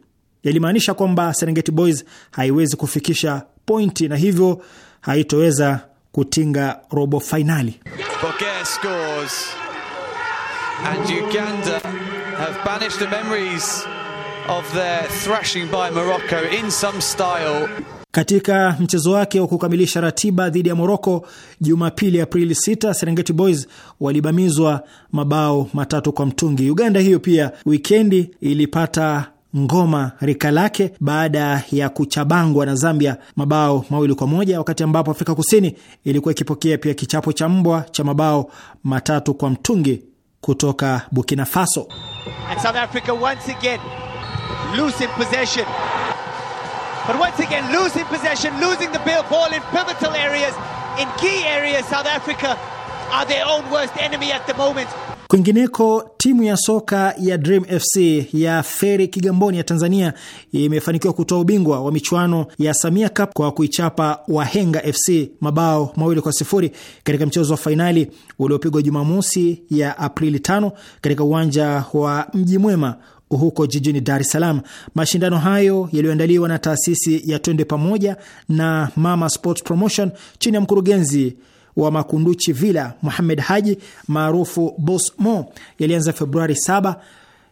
yalimaanisha kwamba Serengeti Boys haiwezi kufikisha pointi na hivyo haitoweza kutinga robo fainali of their thrashing by Morocco in some style. Katika mchezo wake wa kukamilisha ratiba dhidi ya Moroko Jumapili Aprili 6, Serengeti Boys walibamizwa mabao matatu kwa mtungi. Uganda hiyo pia wikendi ilipata ngoma rika lake baada ya kuchabangwa na Zambia mabao mawili kwa moja, wakati ambapo Afrika Kusini ilikuwa ikipokea pia kichapo cha mbwa cha mabao matatu kwa mtungi kutoka Burkina Faso. And South Africa once again Loose in possession. But once again, loose in possession, losing the ball in pivotal areas, in key areas, South Africa are their own worst enemy at the moment. Kwingineko, timu ya soka ya Dream FC ya Feri Kigamboni ya Tanzania imefanikiwa kutoa ubingwa wa michuano ya Samia Cup kwa kuichapa Wahenga FC mabao mawili kwa sifuri katika mchezo wa fainali uliopigwa Jumamosi ya Aprili tano katika uwanja wa Mji Mwema huko jijini Dar es Salaam. Mashindano hayo yaliyoandaliwa na taasisi ya Twende Pamoja na Mama Sports Promotion chini ya mkurugenzi wa Makunduchi Villa Muhamed Haji maarufu Boss Mo yalianza Februari 7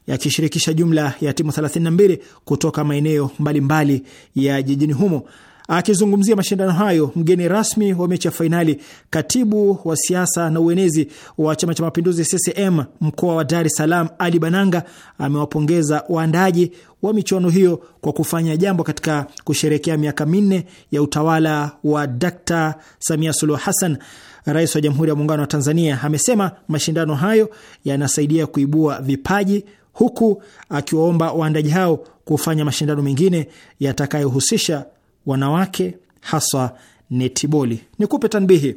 yakishirikisha jumla ya timu 32 kutoka maeneo mbalimbali ya jijini humo. Akizungumzia mashindano hayo, mgeni rasmi wa mechi ya fainali, katibu wa siasa na uenezi wa Chama cha Mapinduzi CCM mkoa wa Dar es Salaam, Ali Bananga, amewapongeza waandaji wa michuano hiyo kwa kufanya jambo katika kusherekea miaka minne ya utawala wa Dkt. Samia Suluhu Hassan, rais wa Jamhuri ya Muungano wa Tanzania. Amesema mashindano hayo yanasaidia kuibua vipaji huku akiwaomba waandaji hao kufanya mashindano mengine yatakayohusisha wanawake haswa netiboli. Nikupe tanbihi,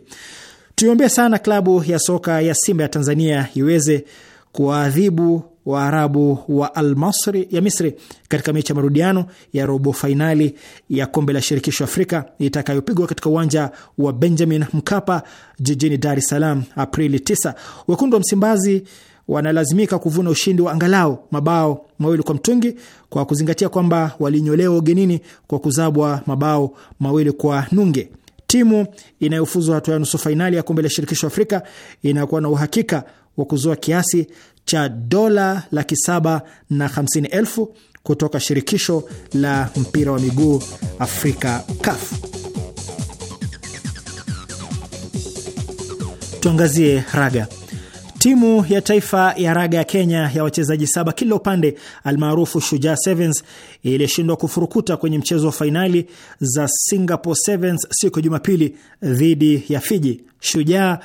tuiombee sana klabu ya soka ya Simba ya Tanzania iweze kuwaadhibu Waarabu wa Almasri ya Misri katika mechi ya marudiano ya robo fainali ya kombe la shirikisho Afrika itakayopigwa katika uwanja wa Benjamin Mkapa jijini Dar es Salaam Aprili 9. Wekundu wa Msimbazi wanalazimika kuvuna ushindi wa angalau mabao mawili kwa mtungi kwa kuzingatia kwamba walinyolewa ugenini kwa kuzabwa mabao mawili kwa nunge. Timu inayofuzwa hatua ya nusu fainali ya kombe la shirikisho Afrika inakuwa na uhakika wa kuzoa kiasi cha dola laki saba na hamsini elfu kutoka shirikisho la mpira wa miguu Afrika, CAF. Tuangazie raga. Timu ya taifa ya raga ya Kenya ya wachezaji saba kila upande almaarufu Shujaa Sevens ilishindwa kufurukuta kwenye mchezo wa fainali za Singapore Sevens siku ya Jumapili dhidi ya Fiji. Shujaa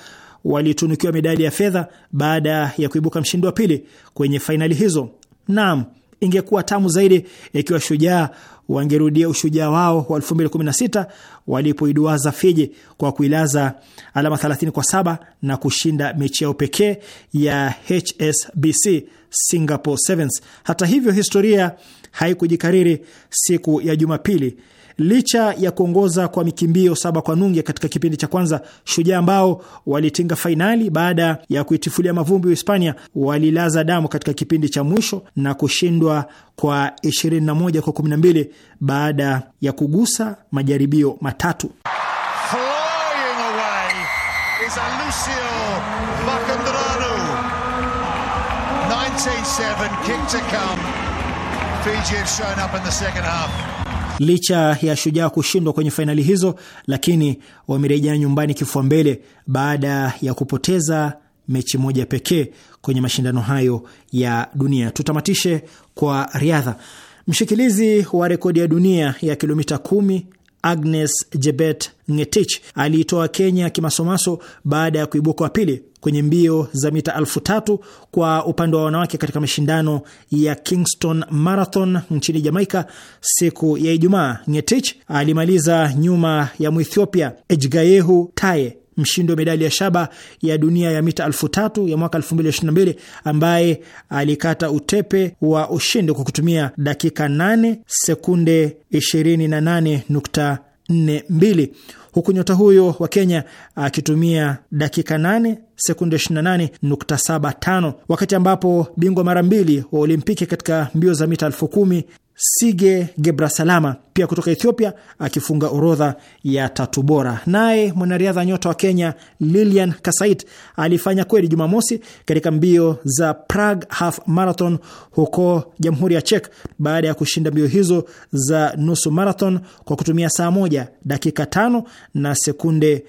walitunukiwa medali ya fedha baada ya kuibuka mshindi wa pili kwenye fainali hizo. Naam, ingekuwa tamu zaidi ikiwa Shujaa wangerudia ushujaa wao wa 2016 walipoiduaza Fiji kwa kuilaza alama 30 kwa saba na kushinda mechi yao pekee ya HSBC Singapore Sevens. Hata hivyo, historia haikujikariri siku ya Jumapili Licha ya kuongoza kwa mikimbio saba kwa nunge katika kipindi cha kwanza, Shujaa ambao walitinga fainali baada ya kuitifulia mavumbi Uhispania walilaza damu katika kipindi cha mwisho na kushindwa kwa 21 kwa 12 baada ya kugusa majaribio matatu. Fiji have shown up in the second half. Licha ya Shujaa kushindwa kwenye fainali hizo, lakini wamerejea nyumbani kifua mbele baada ya kupoteza mechi moja pekee kwenye mashindano hayo ya dunia. Tutamatishe kwa riadha. Mshikilizi wa rekodi ya dunia ya kilomita kumi Agnes Jebet Ngetich aliitoa Kenya kimasomaso baada ya kuibuka wa pili kwenye mbio za mita elfu tatu kwa upande wa wanawake katika mashindano ya Kingston Marathon nchini Jamaica siku ya Ijumaa. Ngetich alimaliza nyuma ya Mwethiopia Ejgayehu Taye mshindi wa medali ya shaba ya dunia ya mita elfu tatu ya mwaka 2022 ambaye alikata utepe wa ushindi kwa kutumia dakika 8 sekunde 28.42 huku nyota huyo wa Kenya akitumia dakika 8 sekunde 28.75, wakati ambapo bingwa mara mbili wa Olimpiki katika mbio za mita elfu kumi Sige Gebrasalama pia kutoka Ethiopia akifunga orodha ya tatu bora. Naye mwanariadha nyota wa Kenya Lilian Kasait alifanya kweli Jumamosi katika mbio za Prague Half Marathon huko Jamhuri ya Czech baada ya kushinda mbio hizo za nusu marathon kwa kutumia saa moja dakika tano na sekunde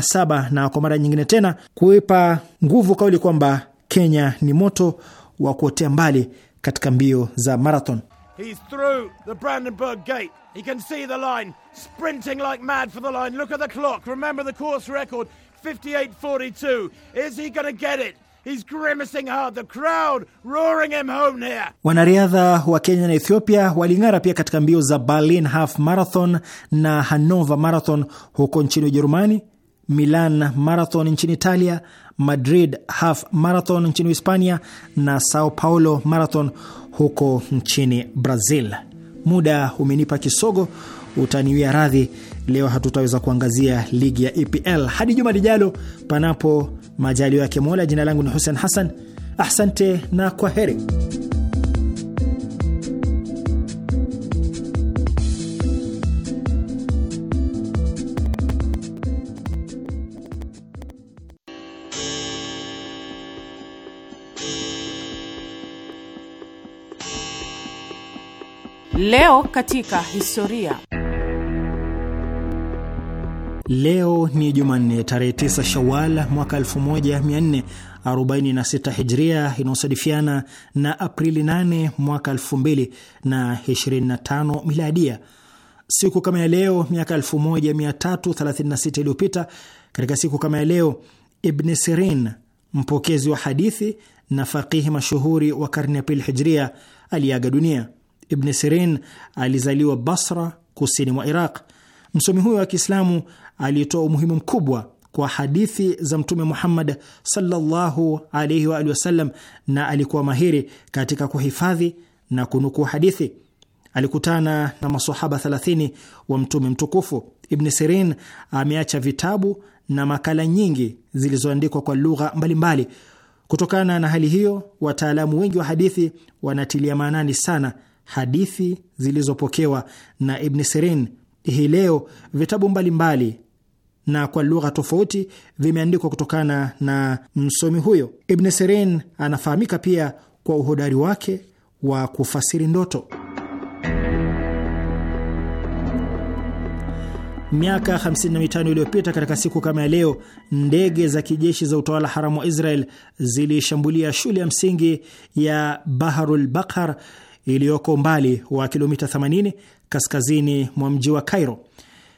saba na kwa mara nyingine tena kuipa nguvu kauli kwamba Kenya ni moto wa kuotea mbali katika mbio za marathon. He's through the Brandenburg Gate. He can see the line, sprinting like mad for the line. Look at the clock. Remember the course record 58.42. Is he going to get it? He's grimacing hard. The crowd roaring him home here. Wanariadha wa Kenya na Ethiopia waling'ara pia katika mbio za Berlin Half Marathon na Hanover Marathon huko nchini Ujerumani, Milan Marathon nchini Italia, Madrid Half Marathon nchini Hispania na Sao Paulo Marathon huko nchini Brazil. Muda umenipa kisogo, utaniwia radhi. Leo hatutaweza kuangazia ligi ya EPL hadi juma lijalo, panapo majalio yake Mola. Jina langu ni Hussein Hassan, asante na kwa heri. Leo katika historia. Leo ni Jumanne tarehe 9 Shawal mwaka 1446 Hijria, inayosadifiana na Aprili 8 mwaka 2025 Miladia. Siku kama ya leo miaka 1336 iliyopita, katika siku kama ya leo, Ibn Sirin, mpokezi wa hadithi na faqihi mashuhuri wa karne ya pili Hijria, aliaga dunia. Ibn Sirin alizaliwa Basra, kusini mwa Iraq. Msomi huyo wa Kiislamu alitoa umuhimu mkubwa kwa hadithi za Mtume Muhammad sallallahu alaihi waalihi wasallam, na alikuwa mahiri katika kuhifadhi na kunukuu hadithi. Alikutana na masahaba 30 wa Mtume mtukufu. Ibn Sirin ameacha vitabu na makala nyingi zilizoandikwa kwa lugha mbalimbali. Kutokana na hali hiyo, wataalamu wengi wa hadithi wanatilia maanani sana hadithi zilizopokewa na Ibn Sirin. Hii leo vitabu mbalimbali mbali na kwa lugha tofauti vimeandikwa kutokana na msomi huyo. Ibn Sirin anafahamika pia kwa uhodari wake wa kufasiri ndoto. Miaka 55 iliyopita katika siku kama ya leo, ndege za kijeshi za utawala haramu wa Israel zilishambulia shule ya msingi ya Baharul Bakar iliyoko umbali wa kilomita 80 kaskazini mwa mji wa Cairo.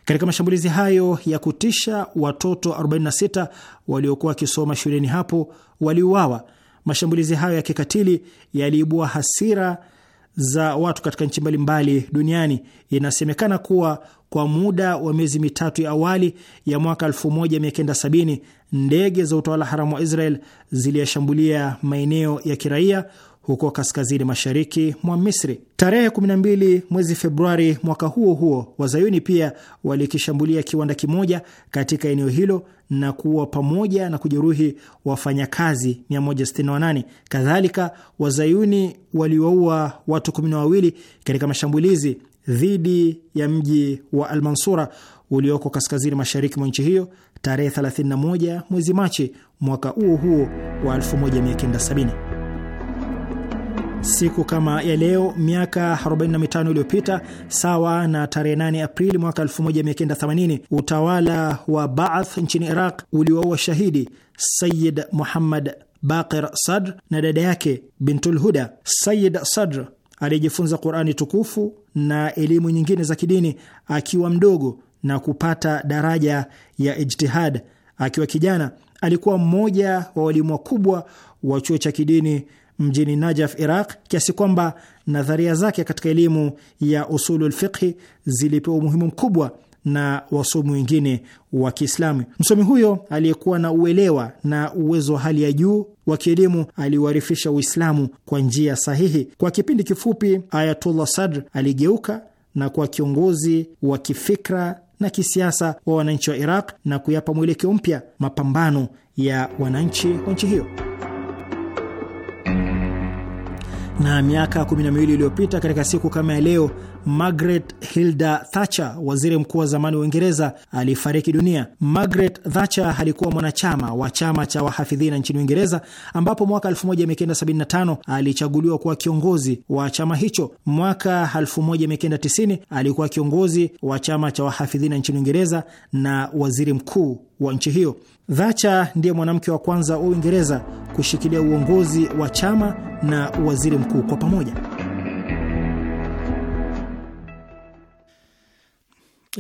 Katika mashambulizi hayo ya kutisha, watoto 46 waliokuwa wakisoma shuleni hapo waliuawa. Mashambulizi hayo ya kikatili yaliibua hasira za watu katika nchi mbalimbali duniani. Inasemekana kuwa kwa muda wa miezi mitatu ya awali ya mwaka 1970 ndege za utawala haramu wa Israel ziliyashambulia maeneo ya kiraia huko kaskazini mashariki mwa Misri. Tarehe 12 mwezi Februari mwaka huo huo, wazayuni pia walikishambulia kiwanda kimoja katika eneo hilo na kuwa pamoja na kujeruhi wafanyakazi 168. Kadhalika, wazayuni waliwaua watu 12 katika mashambulizi dhidi ya mji wa Almansura ulioko kaskazini mashariki mwa nchi hiyo tarehe 31 mwezi Machi mwaka huo huo wa 1970. Siku kama ya leo miaka 45 iliyopita, sawa na tarehe 8 Aprili mwaka 1980, utawala wa Baath nchini Iraq uliwaua shahidi Sayid Muhammad Baqir Sadr na dada yake Bintul Huda. Sayid Sadr aliyejifunza Qurani tukufu na elimu nyingine za kidini akiwa mdogo na kupata daraja ya ijtihad akiwa kijana. Alikuwa mmoja wa walimu wakubwa wa chuo cha kidini mjini Najaf, Iraq, kiasi kwamba nadharia zake katika elimu ya usulu lfiqhi zilipewa umuhimu mkubwa na wasomi wengine wa Kiislamu. Msomi huyo aliyekuwa na uelewa na uwezo wa hali ya juu wa kielimu aliuarifisha Uislamu kwa njia sahihi. Kwa kipindi kifupi, Ayatullah Sadr aligeuka na kuwa kiongozi wa kifikra na kisiasa wa wananchi wa Iraq na kuyapa mwelekeo mpya mapambano ya wananchi wa nchi hiyo. Na miaka 12 iliyopita katika siku kama ya leo, Margaret Hilda Thatcher, waziri mkuu wa zamani wa Uingereza, alifariki dunia. Margaret Thatcher alikuwa mwanachama wa chama cha wahafidhina nchini Uingereza, ambapo mwaka 1975 alichaguliwa kuwa kiongozi wa chama hicho. Mwaka 1990 alikuwa kiongozi wa chama cha wahafidhina nchini Uingereza na waziri mkuu wa nchi hiyo. Thatcher ndiye mwanamke wa kwanza wa Uingereza kushikilia uongozi wa chama na waziri mkuu kwa pamoja.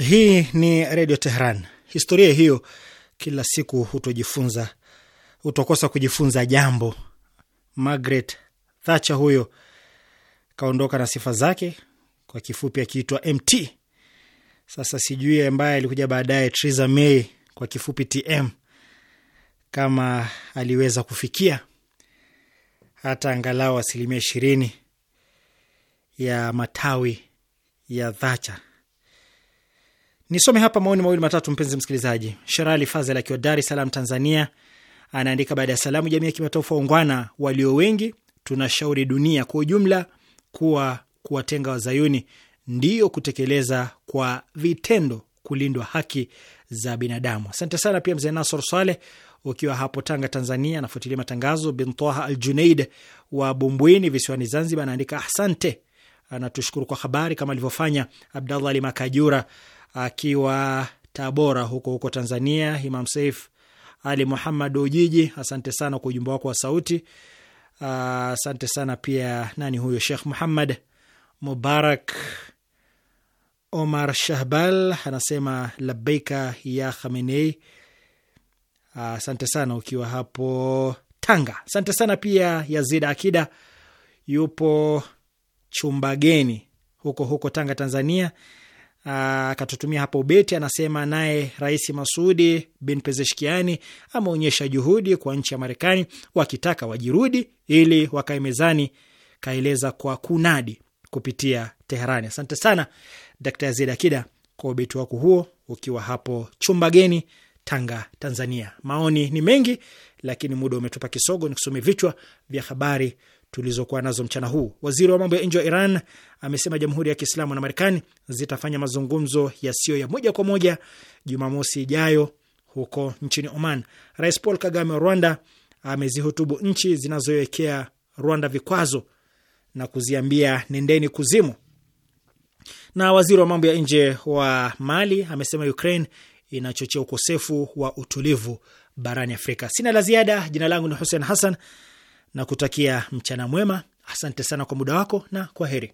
Hii ni Redio Tehran. Historia hiyo kila siku hutojifunza, hutokosa kujifunza jambo. Margaret Thatcher huyo kaondoka na sifa zake, kwa kifupi akiitwa MT. Sasa sijui ambaye alikuja baadaye, Theresa May, kwa kifupi TM kama aliweza kufikia hata angalau asilimia ishirini ya matawi ya Dhacha. Nisome hapa maoni mawili matatu, mpenzi msikilizaji. Sherali Fazel akiwa Dar es Salaam, Tanzania, anaandika baada ya salamu, jamii ya kimataifa waungwana, walio wengi tunashauri dunia kwa ujumla kuwa kuwatenga wazayuni ndiyo kutekeleza kwa vitendo kulindwa haki za binadamu. Asante sana pia mzee Nasor Saleh ukiwa hapo Tanga, Tanzania, anafuatilia matangazo. Bintoha Al Junaid wa Bumbwini visiwani Zanzibar anaandika asante, anatushukuru kwa habari kama alivyofanya Abdallah Ali Makajura akiwa Tabora huko huko Tanzania. Imam Saif Ali Muhammad Ujiji, asante sana kwa ujumbe wako wa sauti. Asante sana pia, nani huyo, Shekh Muhammad Mubarak Omar Shahbal anasema labeika ya Khamenei Ah, asante uh, sana ukiwa hapo Tanga. Asante sana pia Yazid Akida yupo Chumbageni huko huko Tanga, Tanzania. Ah, akatutumia uh, hapo beti, anasema naye Rais Masudi bin Pezeshkiani ameonyesha juhudi kwa nchi ya Marekani, wakitaka wajirudi ili wakae mezani, kaeleza kwa kunadi kupitia Teherani. Asante sana Dkt Yazid Akida kwa ubeti wako huo ukiwa hapo Chumbageni Tanga, Tanzania. Maoni ni mengi, lakini muda umetupa kisogo. Ni kusome vichwa vya habari tulizokuwa nazo mchana huu. Waziri wa mambo ya nje wa Iran amesema Jamhuri ya Kiislamu na Marekani zitafanya mazungumzo yasiyo ya moja kwa moja Jumamosi ijayo huko nchini Oman. Rais Paul Kagame wa Rwanda amezihutubu nchi zinazowekea Rwanda vikwazo na kuziambia nendeni kuzimu. Na waziri wa mambo ya nje wa Mali amesema Ukraine inachochea ukosefu wa utulivu barani Afrika. Sina la ziada. Jina langu ni Hussein Hassan na kutakia mchana mwema. Asante sana kwa muda wako na kwa heri.